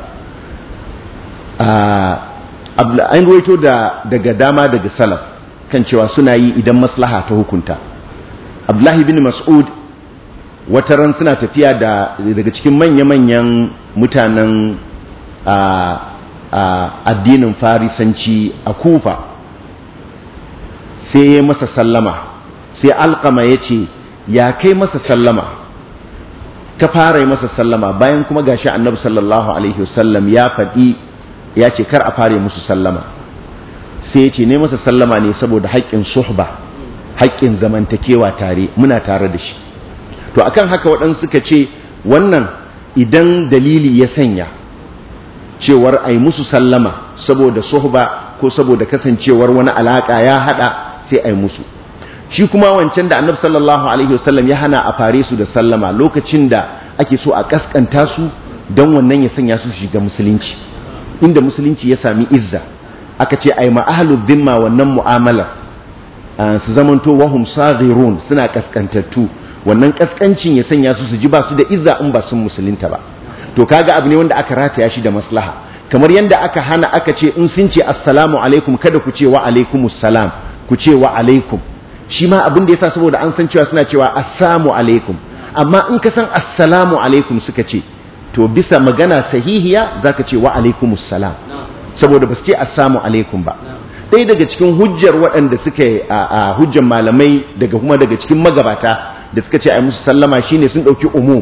[SPEAKER 1] an ruwaito daga dama daga salaf kan cewa suna yi idan maslaha ta hukunta abdullahi bin mas'ud wata ran suna tafiya da daga cikin manya-manyan mutanen A addinin farisanci a kufa sai ya masa sallama sai alkama ya ce ya kai masa sallama ka fara yi masa sallama bayan kuma gashi annabi sallallahu alaihi wasallam ya faɗi ya ce kar a fara musu sallama sai ya ce ne masa sallama ne saboda haƙƙin suhba haƙƙin zamantakewa tare muna tare da shi to akan haka waɗansu suka ce wannan idan dalili ya sanya cewar ai musu sallama saboda suhba ko saboda kasancewar wani alaƙa ya haɗa sai ai musu shi kuma wancan da annabi sallallahu alaihi wasallam ya hana a fare su da sallama lokacin da ake so a kaskanta su don wannan ya sanya su shiga musulunci inda musulunci ya sami izza aka ce ai ma ahlul dhimma wannan mu'amala su zamanto wahum saghirun suna kaskantattu wannan kaskancin ya sanya su su ji ba su da izza in ba sun musulunta ba to kaga abu ne wanda aka rataya shi da maslaha kamar yadda aka hana aka ce in sun ce assalamu alaikum kada ku ce wa alaikumus salam ku ce wa alaikum shi ma abin da yasa saboda an san cewa suna cewa assalamu alaikum amma in ka san assalamu alaikum suka ce to bisa magana sahihiya zaka ce wa alaikumus salam saboda ba su ce assalamu alaikum ba ɗaya daga cikin hujjar waɗanda suke a hujjar malamai daga kuma daga cikin magabata da suka ce ai musu sallama shine sun ɗauki umum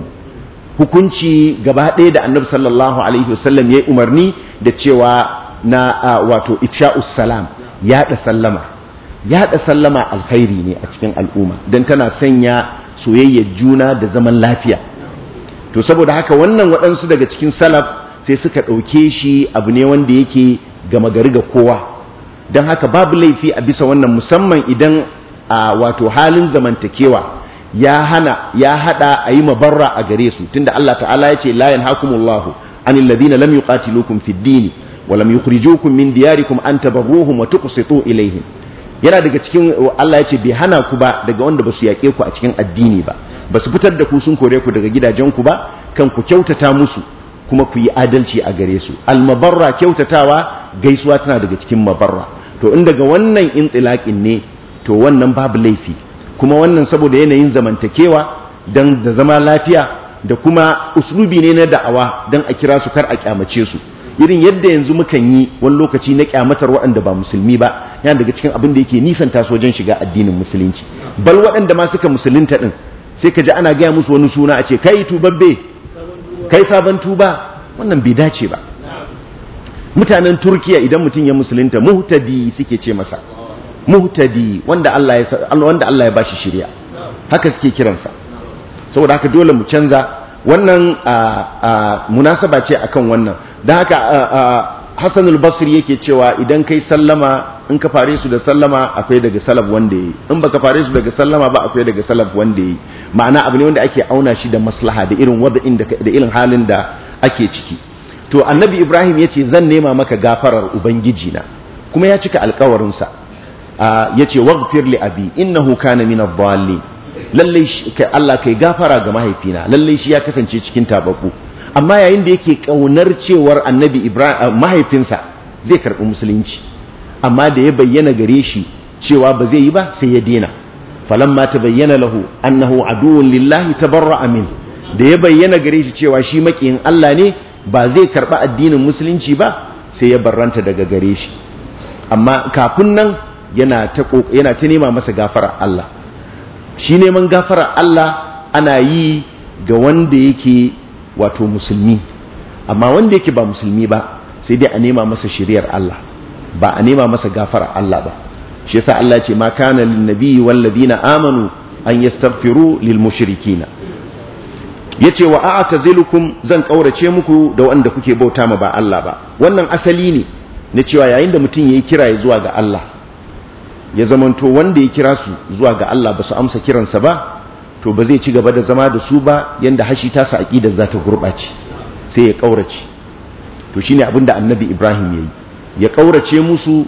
[SPEAKER 1] hukunci gaba ɗaya da annabi sallallahu alaihi wasallam ya yi umarni da cewa na wato ifsha'us salam yaɗa sallama yaɗa sallama alkhairi ne a cikin al'umma don tana sanya soyayyar juna da zaman lafiya to saboda haka wannan waɗansu daga cikin salaf sai suka ɗauke shi abu ne wanda yake gama gari ga kowa don haka babu laifi a bisa wannan musamman idan a wato halin zamantakewa ya hana ya hada a yi mabarra a gare su tunda Allah ta'ala ya ce la hakumullahu anil ladina lam yuqatilukum fid dini wa lam yukhrijukum min diyarikum an tabarruhum wa tuqsitu ilayhim yana daga cikin Allah ya ce bai hana ku ba daga wanda basu yake ku a cikin addini ba basu fitar da ku sun kore ku daga gidajen ku ba kan ku kyautata musu kuma ku yi adalci a gare su al almabarra kyautatawa gaisuwa tana daga cikin mabarra to in daga wannan intilaƙin ne to wannan babu laifi kuma wannan saboda yanayin zamantakewa don da zama lafiya da kuma uslubi ne na da'awa don a kira su kar a kyamace su irin yadda yanzu mukan yi wani lokaci na kyamatar waɗanda ba musulmi ba yana daga cikin abin da yake nisan su wajen shiga addinin musulunci bal waɗanda ma suka musulunta ɗin sai ka ji ana gaya musu wani suna a ce kai tubabbe kai sabon tuba wannan bai dace ba mutanen turkiya idan mutum ya musulunta muhtadi suke ce masa muhtadi wanda Allah ya wanda Allah ya bashi shari'a haka suke kiransa saboda haka dole mu canza wannan munasaba ce akan wannan dan haka Hassan al-Basri yake cewa idan kai sallama in ka fare su da sallama akwai daga salaf wanda yi in baka fare su daga sallama ba akwai daga salaf wanda yi ma'ana abu ne wanda ake auna shi da maslaha da irin da irin halin da ake ciki to annabi Ibrahim ya ce zan nema maka gafarar ubangiji na kuma ya cika alkawarinsa yace waghfir li abi innahu kana min adh-dhalli lalle kai Allah kai gafara ga mahaifina lalle shi ya kasance cikin tababbu amma yayin da yake kaunar cewar annabi Ibrahim mahaifinsa zai karbi musulunci amma da ya bayyana gare shi cewa ba zai yi ba sai ya dena falamma bayyana lahu annahu aduwwun lillahi tabarra'a min da ya bayyana gare shi cewa shi makiyin Allah ne ba zai karba addinin musulunci ba sai ya barranta daga gare shi amma kafin nan yana ta ta nema masa gafara Allah shi neman gafara Allah ana yi ga wanda yake wato musulmi amma wanda yake ba musulmi ba sai dai a nema masa shiriyar Allah ba a nema masa gafara Allah ba shi yasa Allah ce ma kana lin nabiyyi wal ladina amanu an yastaghfiru lil mushrikina yace wa a'tazilukum zan kaurace muku da wanda kuke bauta ma ba Allah ba wannan asali ne na cewa yayin da mutum yayi kira zuwa ga Allah ya zamanto wanda ya kira su zuwa ga Allah ba su amsa kiransa ba to ba zai ci gaba da zama da su ba yanda hashi ta sa aƙidar za ta gurɓace sai ya ƙaurace. to shine abin da annabi Ibrahim ya yi ya ƙaurace musu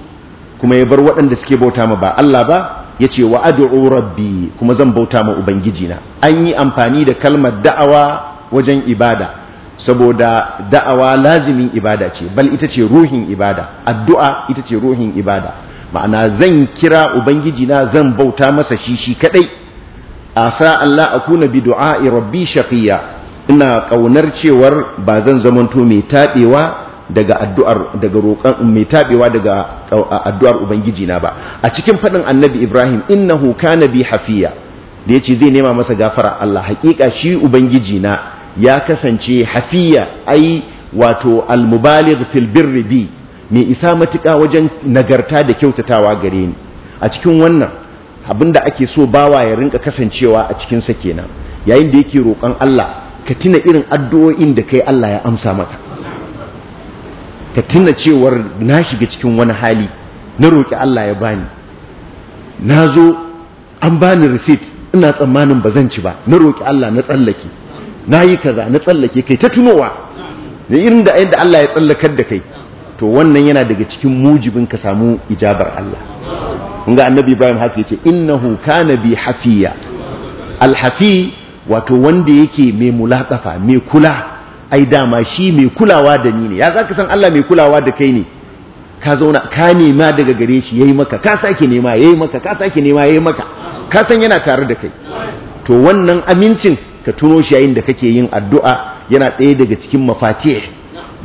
[SPEAKER 1] kuma ya bar waɗanda suke bauta ma ba Allah ba ya ce wa ad'u rabbi kuma zan bauta ma ubangiji na an yi amfani da kalmar da'awa wajen ibada saboda da'awa lazimin ibada ce bal ita ce ruhin ibada addu'a ita ce ruhin ibada ma'ana zan kira ubangiji na zan bauta masa shi shi kadai asa Allah a kuna bi du'a'i rabbi shaqiya ina kaunar cewar ba zan zamanto mai tabewa daga addu'ar daga roƙon mai tabewa daga addu'ar ubangiji na ba a cikin fadin annabi Ibrahim innahu kana bi hafiya da yace zai nema masa gafara Allah hakika shi ubangiji na ya kasance hafiya ai wato al-mubaligh fil birri bi mai isa matuƙa wajen nagarta da kyautatawa gare ni a cikin wannan abinda ake so bawa ya rinka kasancewa a cikin sa kenan yayin da yake roƙon Allah ka tuna irin addu'o'in da kai Allah ya amsa maka ka tuna cewar na shiga cikin wani hali na roƙi Allah ya bani na zo an bani receipt ina tsammanin ba zan ci ba na roƙi Allah na tsallake na yi kaza na tsallake kai ta tunowa da irin da yadda Allah ya tsallakar da kai to wannan yana daga cikin mujibin ka samu ijabar Allah ga annabi Ibrahim haka yace innahu kana bi hafiya alhafi wato wanda yake mai mulatafa mai kula ai dama shi mai kulawa da ni ne ya zaka san Allah mai kulawa da kai ne ka zauna ka nema daga gare shi yayi maka ka sake nema yayi maka ka sake nema yayi maka ka san yana tare da kai to wannan amincin ka tuno shi yayin da kake yin addu'a yana ɗaya daga cikin mafatih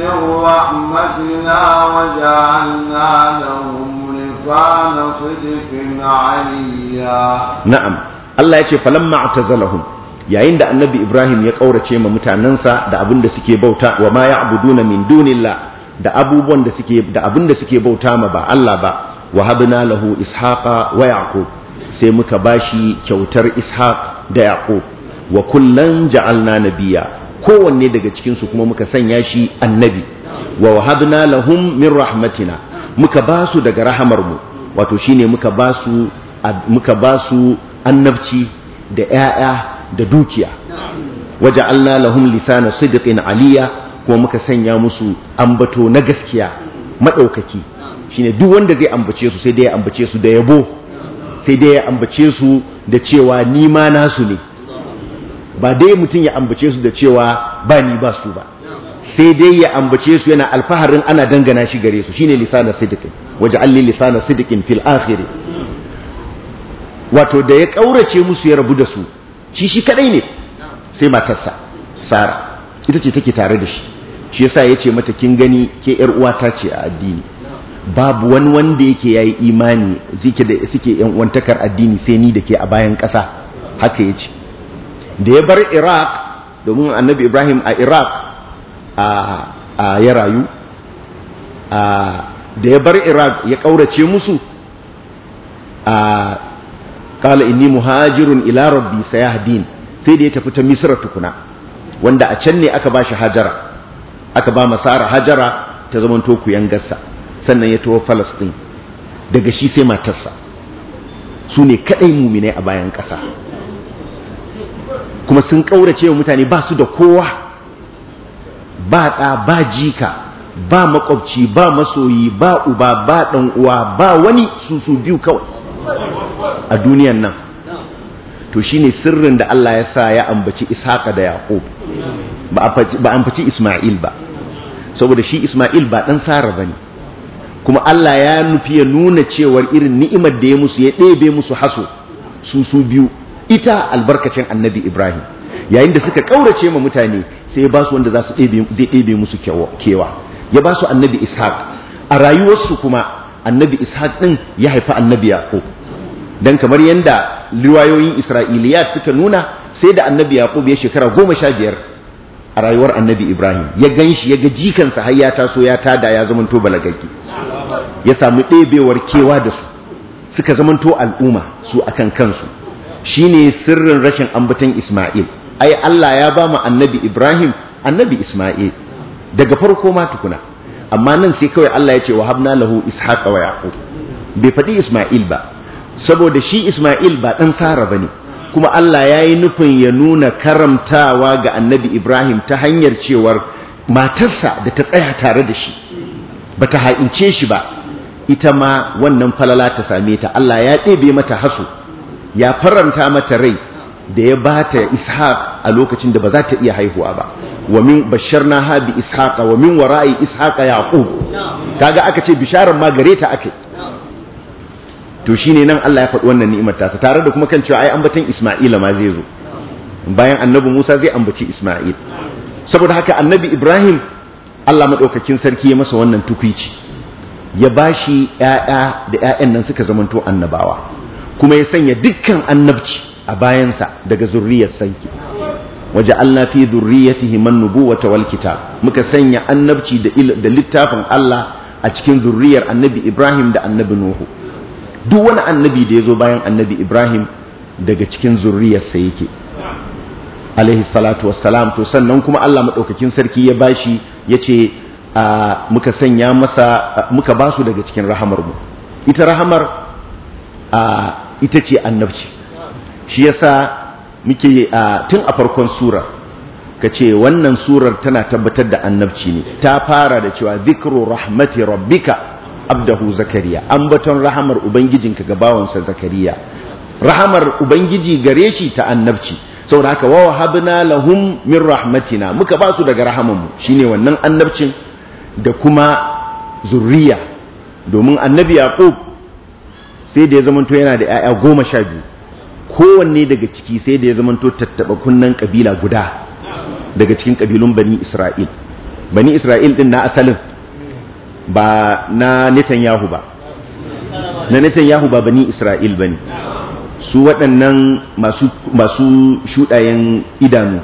[SPEAKER 3] من رحمتنا وجعلنا لهم لسان صدق عليا
[SPEAKER 1] نعم الله فلما اعتزلهم yayin da annabi Ibrahim ya ƙaurace ma mutanensa da abin da suke bauta wa ma ya'buduna min dunillah da abubuwan da suke da abin da suke bauta ma ba Allah ba wa habna lahu ishaqa wa yaqub sai muka bashi kyautar ishaq da yaqub wa kullan ja'alna nabiyya kowanne daga cikinsu kuma muka sanya shi annabi wa wahabna lahum min rahmatina muka basu daga rahamar mu wato shine muka ba muka basu annabci da 'ya'ya da dukiya waje Allah lahum lisana sidiqin aliya kuma muka sanya musu ambato na gaskiya maɗaukaki shine duk wanda zai ambace su sai dai ya ambace su da yabo sai dai ya ambace su da cewa ni ma nasu ne ba dai mutum ya ambace su da cewa ba ni ba su ba sai dai ya ambace su yana alfaharin ana dangana shi gare su shine lisanar sidikin waje alli lisanar sidikin fil akhiri wato da ya kaurace musu ya rabu da su shi shi kadai ne sai matarsa sara ita ce take tare da shi shi yasa yace mata kin gani ke yar uwata ce a addini babu wani wanda yake yayi imani zike da suke yan uwantakar addini sai ni da ke a bayan ƙasa haka yace da ya bar iraq domin annabi ibrahim a iraq a ya rayu da ya bar iraq ya ƙaurace musu a kala inni muhajirun ila rabbi sayahdin sai da ya tafi ta misra tukuna wanda a can ne aka ba shi hajara aka ba masara hajara ta zamanto yangarsa sannan ya taho falastin daga shi sai matarsa su ne kaɗai muminai a bayan ƙasa kuma sun ƙaurace wa mutane ba su da kowa ba ɗa ba jika ba makwabci ba masoyi ba uba ba ɗan uwa ba wani su su biyu kawai a duniyan nan to shi ne sirrin da Allah ya sa ya ambaci Ishaqa da Yaqub ba ambaci Isma'il ba saboda shi Isma'il ba ɗan Sara ne kuma Allah ya nufi ya nuna cewar irin ni'imar da ya musu ya ɗebe musu haso su su biyu ita albarkacin annabi ibrahim yayin da suka kaurace ma mutane sai ya ba su wanda za su ɗebe musu kewa ya ba su annabi ishaq a rayuwarsu kuma annabi ishaq ɗin ya haifi annabi yaqub dan kamar yadda riwayoyin isra'iliyat suka nuna sai da annabi yaqub ya shekara goma sha biyar a rayuwar annabi ibrahim ya gan shi ya ga jikansa har ya taso ya tada ya zamanto balagaggi ya samu ɗebewar kewa da su suka zamanto al'umma su akan kansu shine sirrin rashin ambatan Isma'il ai Allah ya ba mu annabi Ibrahim annabi Isma'il daga farko ma tukuna amma nan sai kawai Allah ya ce wa habna lahu ishaqa wa yaqub bai faɗi Isma'il ba saboda shi Isma'il ba ɗan ba ne. kuma Allah ya yi nufin ya nuna karamtawa ga annabi Ibrahim ta hanyar cewar matarsa da ta tsaya tare da shi ba ta ha'ince shi ba ita ma wannan falala ta same ta Allah ya ɗebe mata hasu ya faranta mata rai da ya ba ta ishaq a lokacin da ba za ta iya haihuwa ba wa min basharna ha bi ishaq wa min wara'i ishaq yaqub kaga aka ce bisharar ma gare ta ake to shine nan Allah ya faɗi wannan ni'imar ta tare da kuma kan cewa ai ambaton Isma'ila ma zai zo bayan annabi Musa zai ambaci Isma'il saboda haka annabi Ibrahim Allah madaukakin sarki ya masa wannan tukwici ya bashi ƴaƴa da ƴaƴan nan suka zamanto annabawa kuma ya sanya dukkan annabci a bayansa daga zurriyar sanki waje Allah fi zurriyatihi man nubuwata wal kitab muka sanya annabci da littafin Allah a cikin zurriyar annabi Ibrahim da annabi Nuhu duk wani annabi da ya zo bayan annabi Ibrahim daga cikin zurriyar sa yake alaihi salatu wassalam to sannan kuma Allah madaukakin sarki ya bashi yace muka sanya masa muka basu daga cikin rahamar mu ita rahamar a ita ce annabci shi yasa muke a tun a farkon surar ka ce wannan surar tana tabbatar da annabci ne ta fara da cewa zikru rahmati rabbika abdahu zakariya ambaton rahamar ubangijinka ga bawansa zakariya rahamar ubangiji gare shi ta annabci saboda haka wa wahabna lahum min rahmatina muka ba su daga rahamanmu shine wannan annabcin da kuma zurriya domin annabi yaqub sai da ya zamanto yana da 'ya'ya goma sha biyu kowanne daga ciki sai da ya zamanto tattaɓa kunnan ƙabila guda daga cikin kabilun bani isra'il bani isra'il din na asalin ba na netanyahu ba na netanyahu ba bani isra'il ba ne su waɗannan masu shuɗayen idanu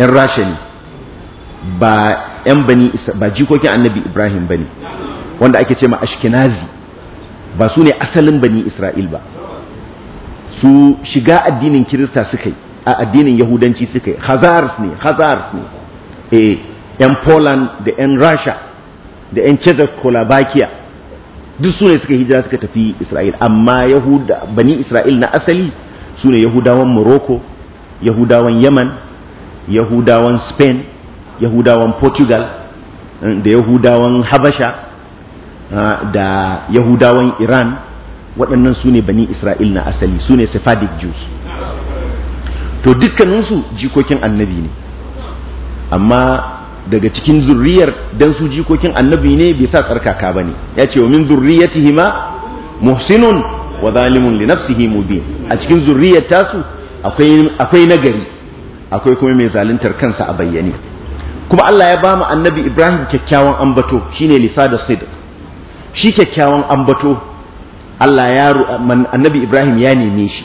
[SPEAKER 1] 'yan rasha ne ba ba jikokin annabi ibrahim ba ne wanda ake ce ma ashkenazi ba su ne asalin bani isra'il ba su shiga addinin kirista suka yi a addinin yahudanci suka yi hazars ne hazars ne eh yan poland da yan rasha da yan czechoslovakia duk su ne suka hijira suka tafi isra'il amma yahuda bani isra'il na asali su ne yahudawan morocco yahudawan yaman yahudawan spain yahudawan portugal eh, da yahudawan habasha da yahudawan iran waɗannan su ne bani isra'il na asali su ne sephardic jews to dukkaninsu jikokin annabi ne amma daga cikin zurriyar dan su jikokin annabi ne bai sa tsarkaka ba ne ya ce wa min ma muhsinun wa zalimun li nafsihi mubin a cikin zurriyar tasu akwai nagari akwai kuma mai zaluntar kansa a bayyane kuma Allah ya ba mu annabi Ibrahim kyakkyawan ambato shine lisa da sidq shi kyakkyawan ambato Allah ya annabi Ibrahim ya neme shi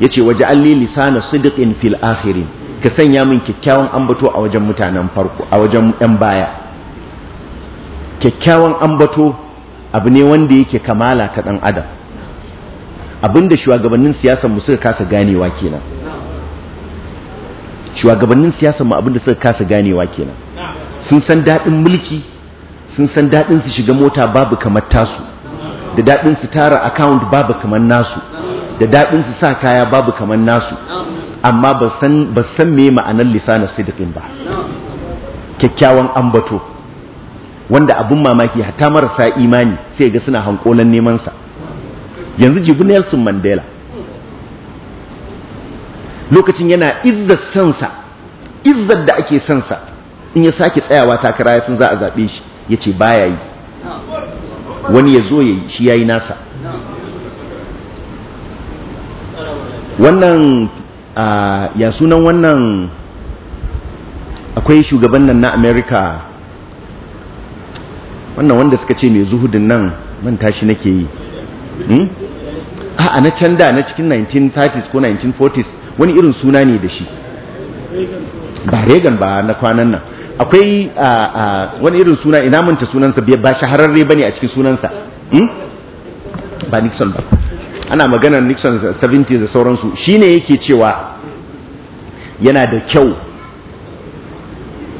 [SPEAKER 1] yace waje alli lisana sidqin fil akhirin ka sanya min kyakkyawan ambato a wajen mutanen farko a wajen yan baya kyakkyawan ambato abu ne wanda yake kamala ta ɗan adam abinda shugabannin siyasa mu suka kasa ganewa kenan shugabannin siyasar mu abinda suka kasa ganewa kenan sun san daɗin mulki sun san daɗin su shiga mota babu kamar tasu da daɗin su tara account babu kamar nasu da daɗin su sa kaya babu kamar nasu amma ba san ba san me ma'anar lisanin sidiqin ba kyakkyawan ambato wanda abun mamaki hatta marasa imani sai ga suna hankolan neman sa yanzu jibu Nelson Mandela lokacin yana izzar sansa izzar da ake sansa in ya sake tsayawa takara sun za a zaɓe shi ya ce baya yi wani ya zo ya yi shi ya yi nasa wannan ya sunan wannan akwai shugaban nan na america wannan wanda suka ce mai zuhudin nan man tashi nake yi hmm? a na can da na cikin 1930s ko 1940s wani irin suna ne da shi ba reagan ba na kwanan nan akwai wani irin suna ina manta sunansa ba shahararre bane a cikin sunansa hmm? ba Nixon ba ana maganar Nixon 70 da sauransu shine yake cewa yana da kyau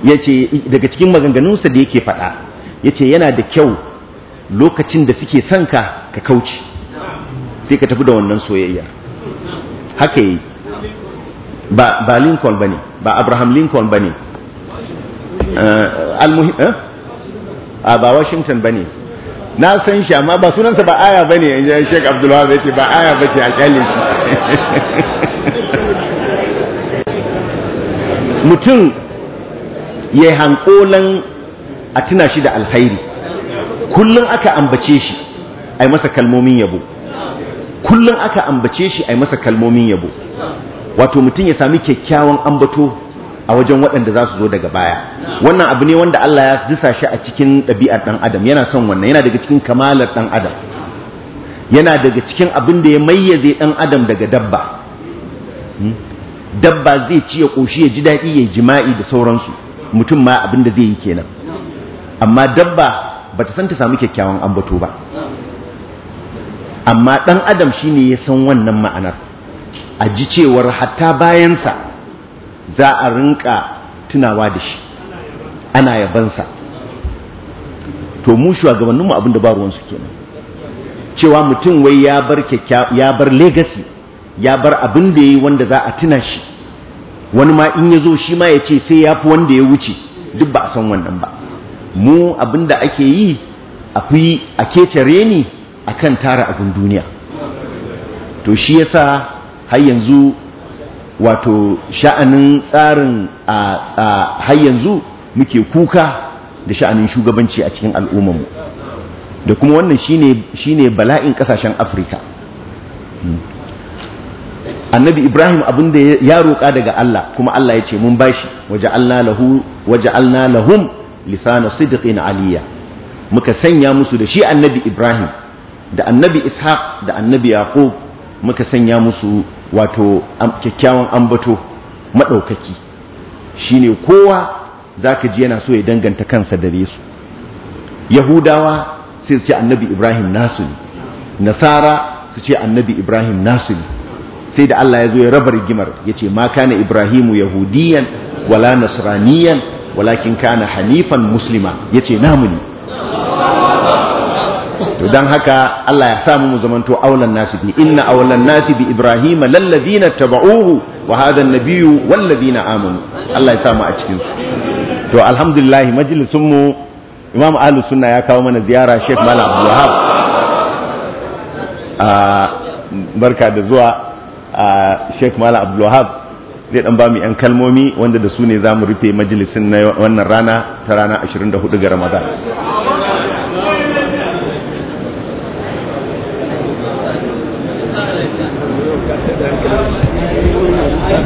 [SPEAKER 1] ce daga cikin maganganunsa da yake faɗa ce yana da kyau lokacin da suke son ka ka kauce sai ka tafi da wannan soyayya haka yi ba Lincoln ba ne, ba Abraham Lincoln ba ne. Eh, a eh? ah, ba washington ba ne na san shi amma ba sunansa ba aya ba ne in ji shek abdullawa ce ba aya ba ce a kyale shi mutum ya yi hankolan a tuna shi da alkhairi kullum aka ambace shi a yi masa kalmomin yabo kullum aka ambace shi a yi masa kalmomin yabo wato mutum ya sami kyakkyawan ambato a wajen waɗanda za su zo daga baya wannan abu ne wanda Allah ya zisa shi a cikin ɗabi'ar ɗan adam yana son wannan yana daga cikin kamalar ɗan adam yana daga cikin abin da ya mayyaze ɗan adam daga dabba hmm? dabba zai ci ya ƙoshi ya ji daɗi ya jima'i da sauransu mutum ma abin da zai yi kenan amma dabba ba ta san ta samu kyakkyawan ambato ba amma ɗan adam shine ya san wannan ma'anar a ji cewar hatta bayansa za a rinka tunawa da shi ana yabansa to mu shugabanninmu abinda ba ruwan ruwansu kenan cewa mutum wai ya bar ya bar legacy ya bar abin da yayi wanda za a tuna shi wani ma in ya zo shi ma ya ce sai ya fi wanda ya wuce duk ba a san wannan ba mu abin da ake yi a fi a kecere ni akan tara abin duniya to shi yasa har yanzu wato sha'anin tsarin a har yanzu muke kuka da sha'anin shugabanci a cikin al'ummarmu da kuma wannan shine bala'in kasashen afirka hmm. annabi ibrahim abinda ya roƙa daga allah kuma allah ya ce mun bashi al'na lahum lisana sidiqin aliyya muka sanya musu da shi annabi ibrahim da annabi ishaq da annabi yaqub muka sanya musu wato kyakkyawan ambato maɗaukaki ne kowa za ka ji yana so ya danganta kansa da su yahudawa sai su ce annabi ibrahim nasu ne nasara su ce annabi ibrahim nasu ne sai da allah ya zo ya raba rigimar ya ce ma kana ibrahimu yahudiyan wala nasraniyan walakin kana hanifan muslima ya ce namu ne to dan haka Allah ya samu mu zamanto aulan nasi bi inna aulan nasi bi ibrahim lallazina taba'uhu wa hadha an-nabiyyu wallazina amanu Allah ya samu a cikin su to alhamdulillah majlisun mu imam ahli sunna ya kawo mana ziyara sheikh malam abdul wahab a ah, barka da zuwa a ah, sheikh malam abdul wahab zai dan mu yan kalmomi wanda da su ne zamu rufe majlisin na wannan rana ta rana 24 ga ramadan
[SPEAKER 2] أعوذ بالله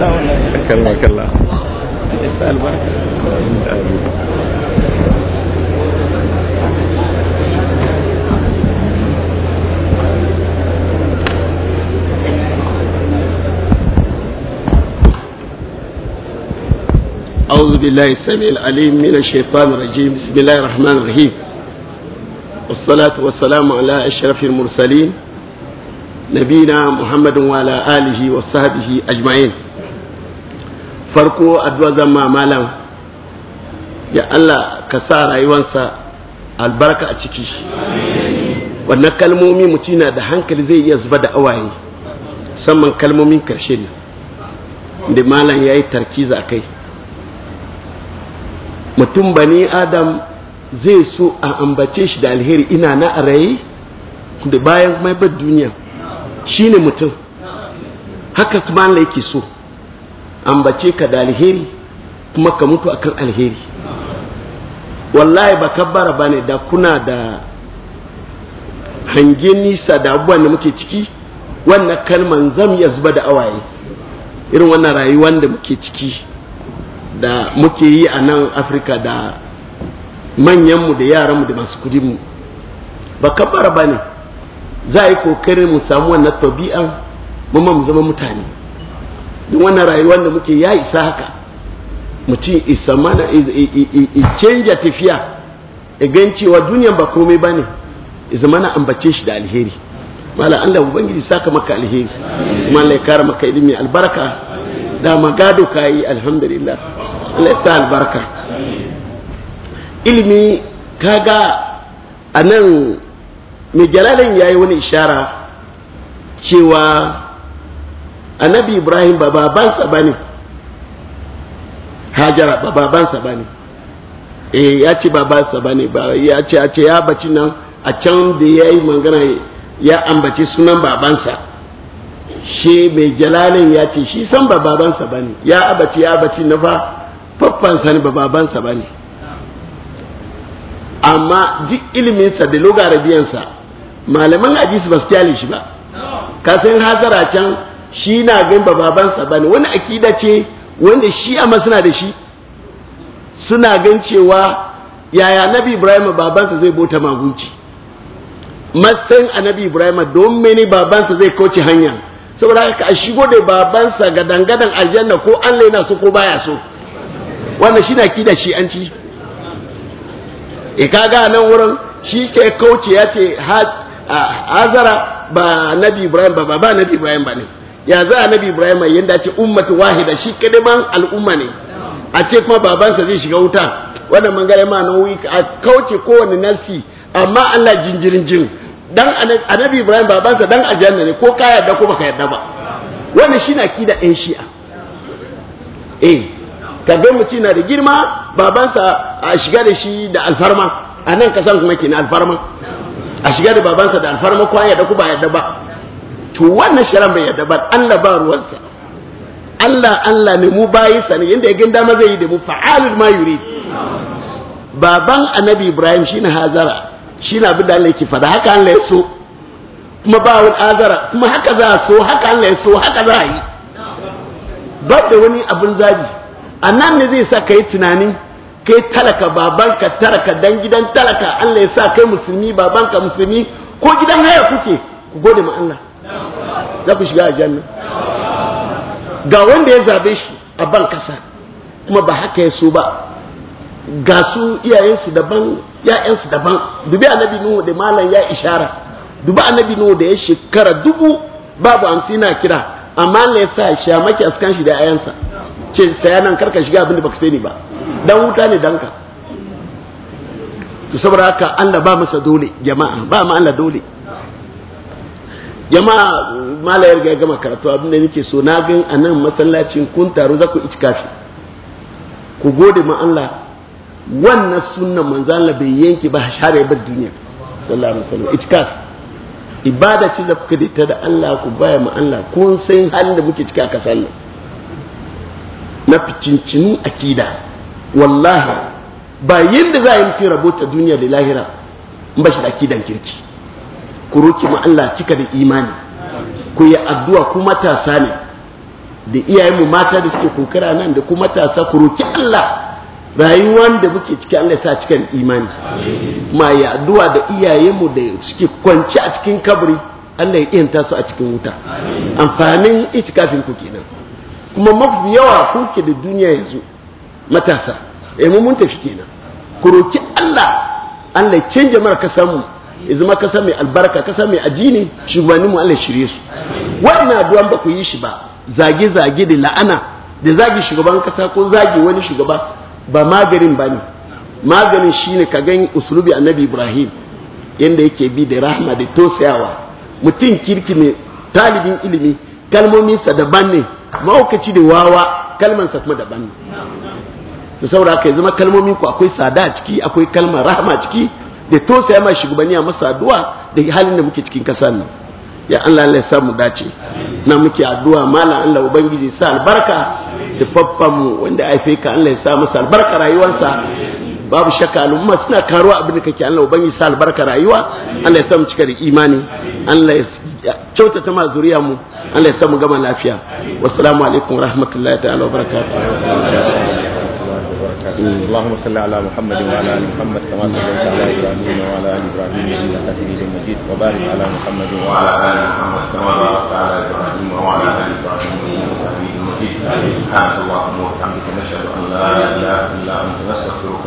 [SPEAKER 1] السميع العليم من الشيطان الرجيم بسم الله الرحمن الرحيم والصلاة والسلام على أشرف المرسلين nabina محمد wala alihi wa a ajma'in farko addu'a zama malam ya Allah ka sa rayuwansa albarka a ciki wannan kalmomi mutum na da hankali zai iya zuba da awaye musamman kalmomin karshe ne da malam ya yi tarkiza kai mutum bani adam zai so a ambace shi da alheri ina na a da bayan kuma bar duniya shi ne mutum haka kuma Allah yake so ambace ka da alheri kuma ka mutu akan alheri wallahi ba kabbara ba ne da kuna da hange nisa da abubuwan da muke ciki wannan kalman zam ya zuba da awaye irin wannan rayuwan da muke ciki da muke yi a nan afirka da manyanmu da yaranmu da masu kudinmu ba kabbara ba ne za a yi kokari mu samu wannan tabi'an mu mu zama mutane duk wannan rayuwar da muke ya isa haka mutum isa mana canja tafiya ya gan cewa duniyan ba komai ba ne zama na ambace shi da alheri mala Allah ubangiji saka maka alheri mala ya kara maka ilimi albarka da magado ka yi alhamdulillah Allah sa albarka ilimi kaga a nan mai jalalin ya yi wani ishara cewa annabi ibrahim ba babansa ba ne hajara ba babansa ba ne eh ya ce babansa ba ne ya ce ce ya baci nan a can da ya yi magana ya ambaci sunan babansa shi mai jalalin ya ce shi san ba babansa ba ne ya abaci ya abaci na fa faffansa ne ba babansa ba ne amma duk iliminsa da logarabiyansa malaman hadisi ba su kyale shi ba Kasan san hazara can shi na gan ba babansa ba ne wani akida ce wanda shi amma suna da shi suna gan cewa yaya nabi ibrahim babansa zai bota magunci matsayin annabi ibrahim don mene babansa zai kauce hanya saboda haka a shigo da babansa ga dangadan aljanna ko allah yana so ko baya so wannan shi na kida shi an ci e kaga nan wurin shi ke kauce ya ce azara ba nabi ibrahim ba ba nabi ibrahim ba ne ya za a nabi ibrahim yanda ce ummatu wahida shi kadiman al'umma ne a ce kuma babansa zai shiga wuta wannan mangare ma na wuyi a kauce kowane nasi amma Allah jinjirin jin dan annabi ibrahim babansa dan aljanna ne ko ka yarda ko baka yarda ba wannan shi na kida ɗan shi'a eh kaga mutum na da girma babansa a shiga da shi da alfarma a nan kasan kuma ke na alfarma a shiga da babansa da alfarma ko ya yadda ba ya daba to wannan sharan bai yadda ba Allah ba ruwansa Allah Allah ne mu bayi sani inda ya ginda ma zai yi da mu fa'alul ma yurid baban annabi Ibrahim shine Hazara shine abin da Allah yake fada haka Allah ya so kuma ba wani azara kuma haka za a so haka Allah ya so haka za a yi ba da wani abin zabi a ne zai sa ka yi tunani kai talaka babanka talaka dan gidan talaka Allah ya sa kai musulmi babanka musulmi ko gidan haya kuke ku gode ma Allah za ku shiga aljanna ga wanda ya zabe shi a ban kasa kuma ba haka ya so ba ga su iyayensu daban ya'yansu daban dubi annabi nuhu da malam ya ishara dubi annabi nuhu da ya shekara dubu babu hamsin na kira amma Allah ya sa shamaki askan shi da ayansa ce saya nan karka shiga abin da baka sani ba dan wuta ne dan ka to saboda haka Allah ba masa dole jama'a ba ma Allah dole jama'a mala yarga ya gama karatu abin da nake so na gan anan masallacin kun taru za ku itikafi ku gode ma Allah wannan sunnan manzo Allah bai yanke ba share ba duniya sallallahu alaihi wasallam itikafi ibada ce da kuka dita da Allah ku baya ma Allah kun san halin da muke ciki a kasar na ficincin akida wallahi ba yadda za a yi mutum rabota duniya da lahira in ba shi da akidan kirki ku roki mu Allah cika da imani ku yi addu'a ku matasa ne da iyayenmu mata da suke kokara nan da ku matasa ku roki Allah rayuwar da muke ciki Allah ya sa cikin imani ma ya addu'a da iyayenmu da suke kwanci a cikin kabri Allah ya iyanta su a cikin wuta amfanin itikafin ku kenan kuma mafi yawa kuke da duniya yanzu matasa eh mun tafi kenan ku roki Allah Allah ya canja mara kasar mu ya zama kasa mai albarka kasa mai ajini shugabannin mu Allah shirye su wannan addu'an ba ku yi shi ba zage zage da la'ana da zage shugaban kasa ko zage wani shugaba ba maganin ba ne maganin shine ka gani usulubi annabi Ibrahim yanda yake bi da rahma da tosayawa mutum kirki ne talibin ilimi kalmominsa daban ne ma'aukaci da wawa kalmansa kuma daban ne to saboda haka ya zama kalmomin ku akwai sada a ciki akwai kalmar rahama a ciki da sai ma shugabanni a masa addu'a da halin da muke cikin kasar nan ya Allah Allah ya mu dace na muke addu'a malam Allah ubangiji sa albarka da faffan mu wanda haife ka Allah ya sa masa albarka rayuwarsa babu shakka al'umma suna karuwa abin da kake Allah ubangiji sa albarka rayuwa Allah ya sa mu cika da imani Allah ya kyautata ma zuriya mu Allah ya sa mu gama lafiya wassalamu alaikum warahmatullahi ta'ala wabarakatuh اللهم صل على محمد وعلى ال
[SPEAKER 3] محمد كما صليت على ابراهيم وعلى ال ابراهيم انك حميد مجيد وبارك على محمد وعلى ال محمد كما باركت على ابراهيم وعلى ال ابراهيم انك حميد مجيد
[SPEAKER 2] سبحانك اللهم وبحمدك نشهد ان لا اله الا انت نستغفرك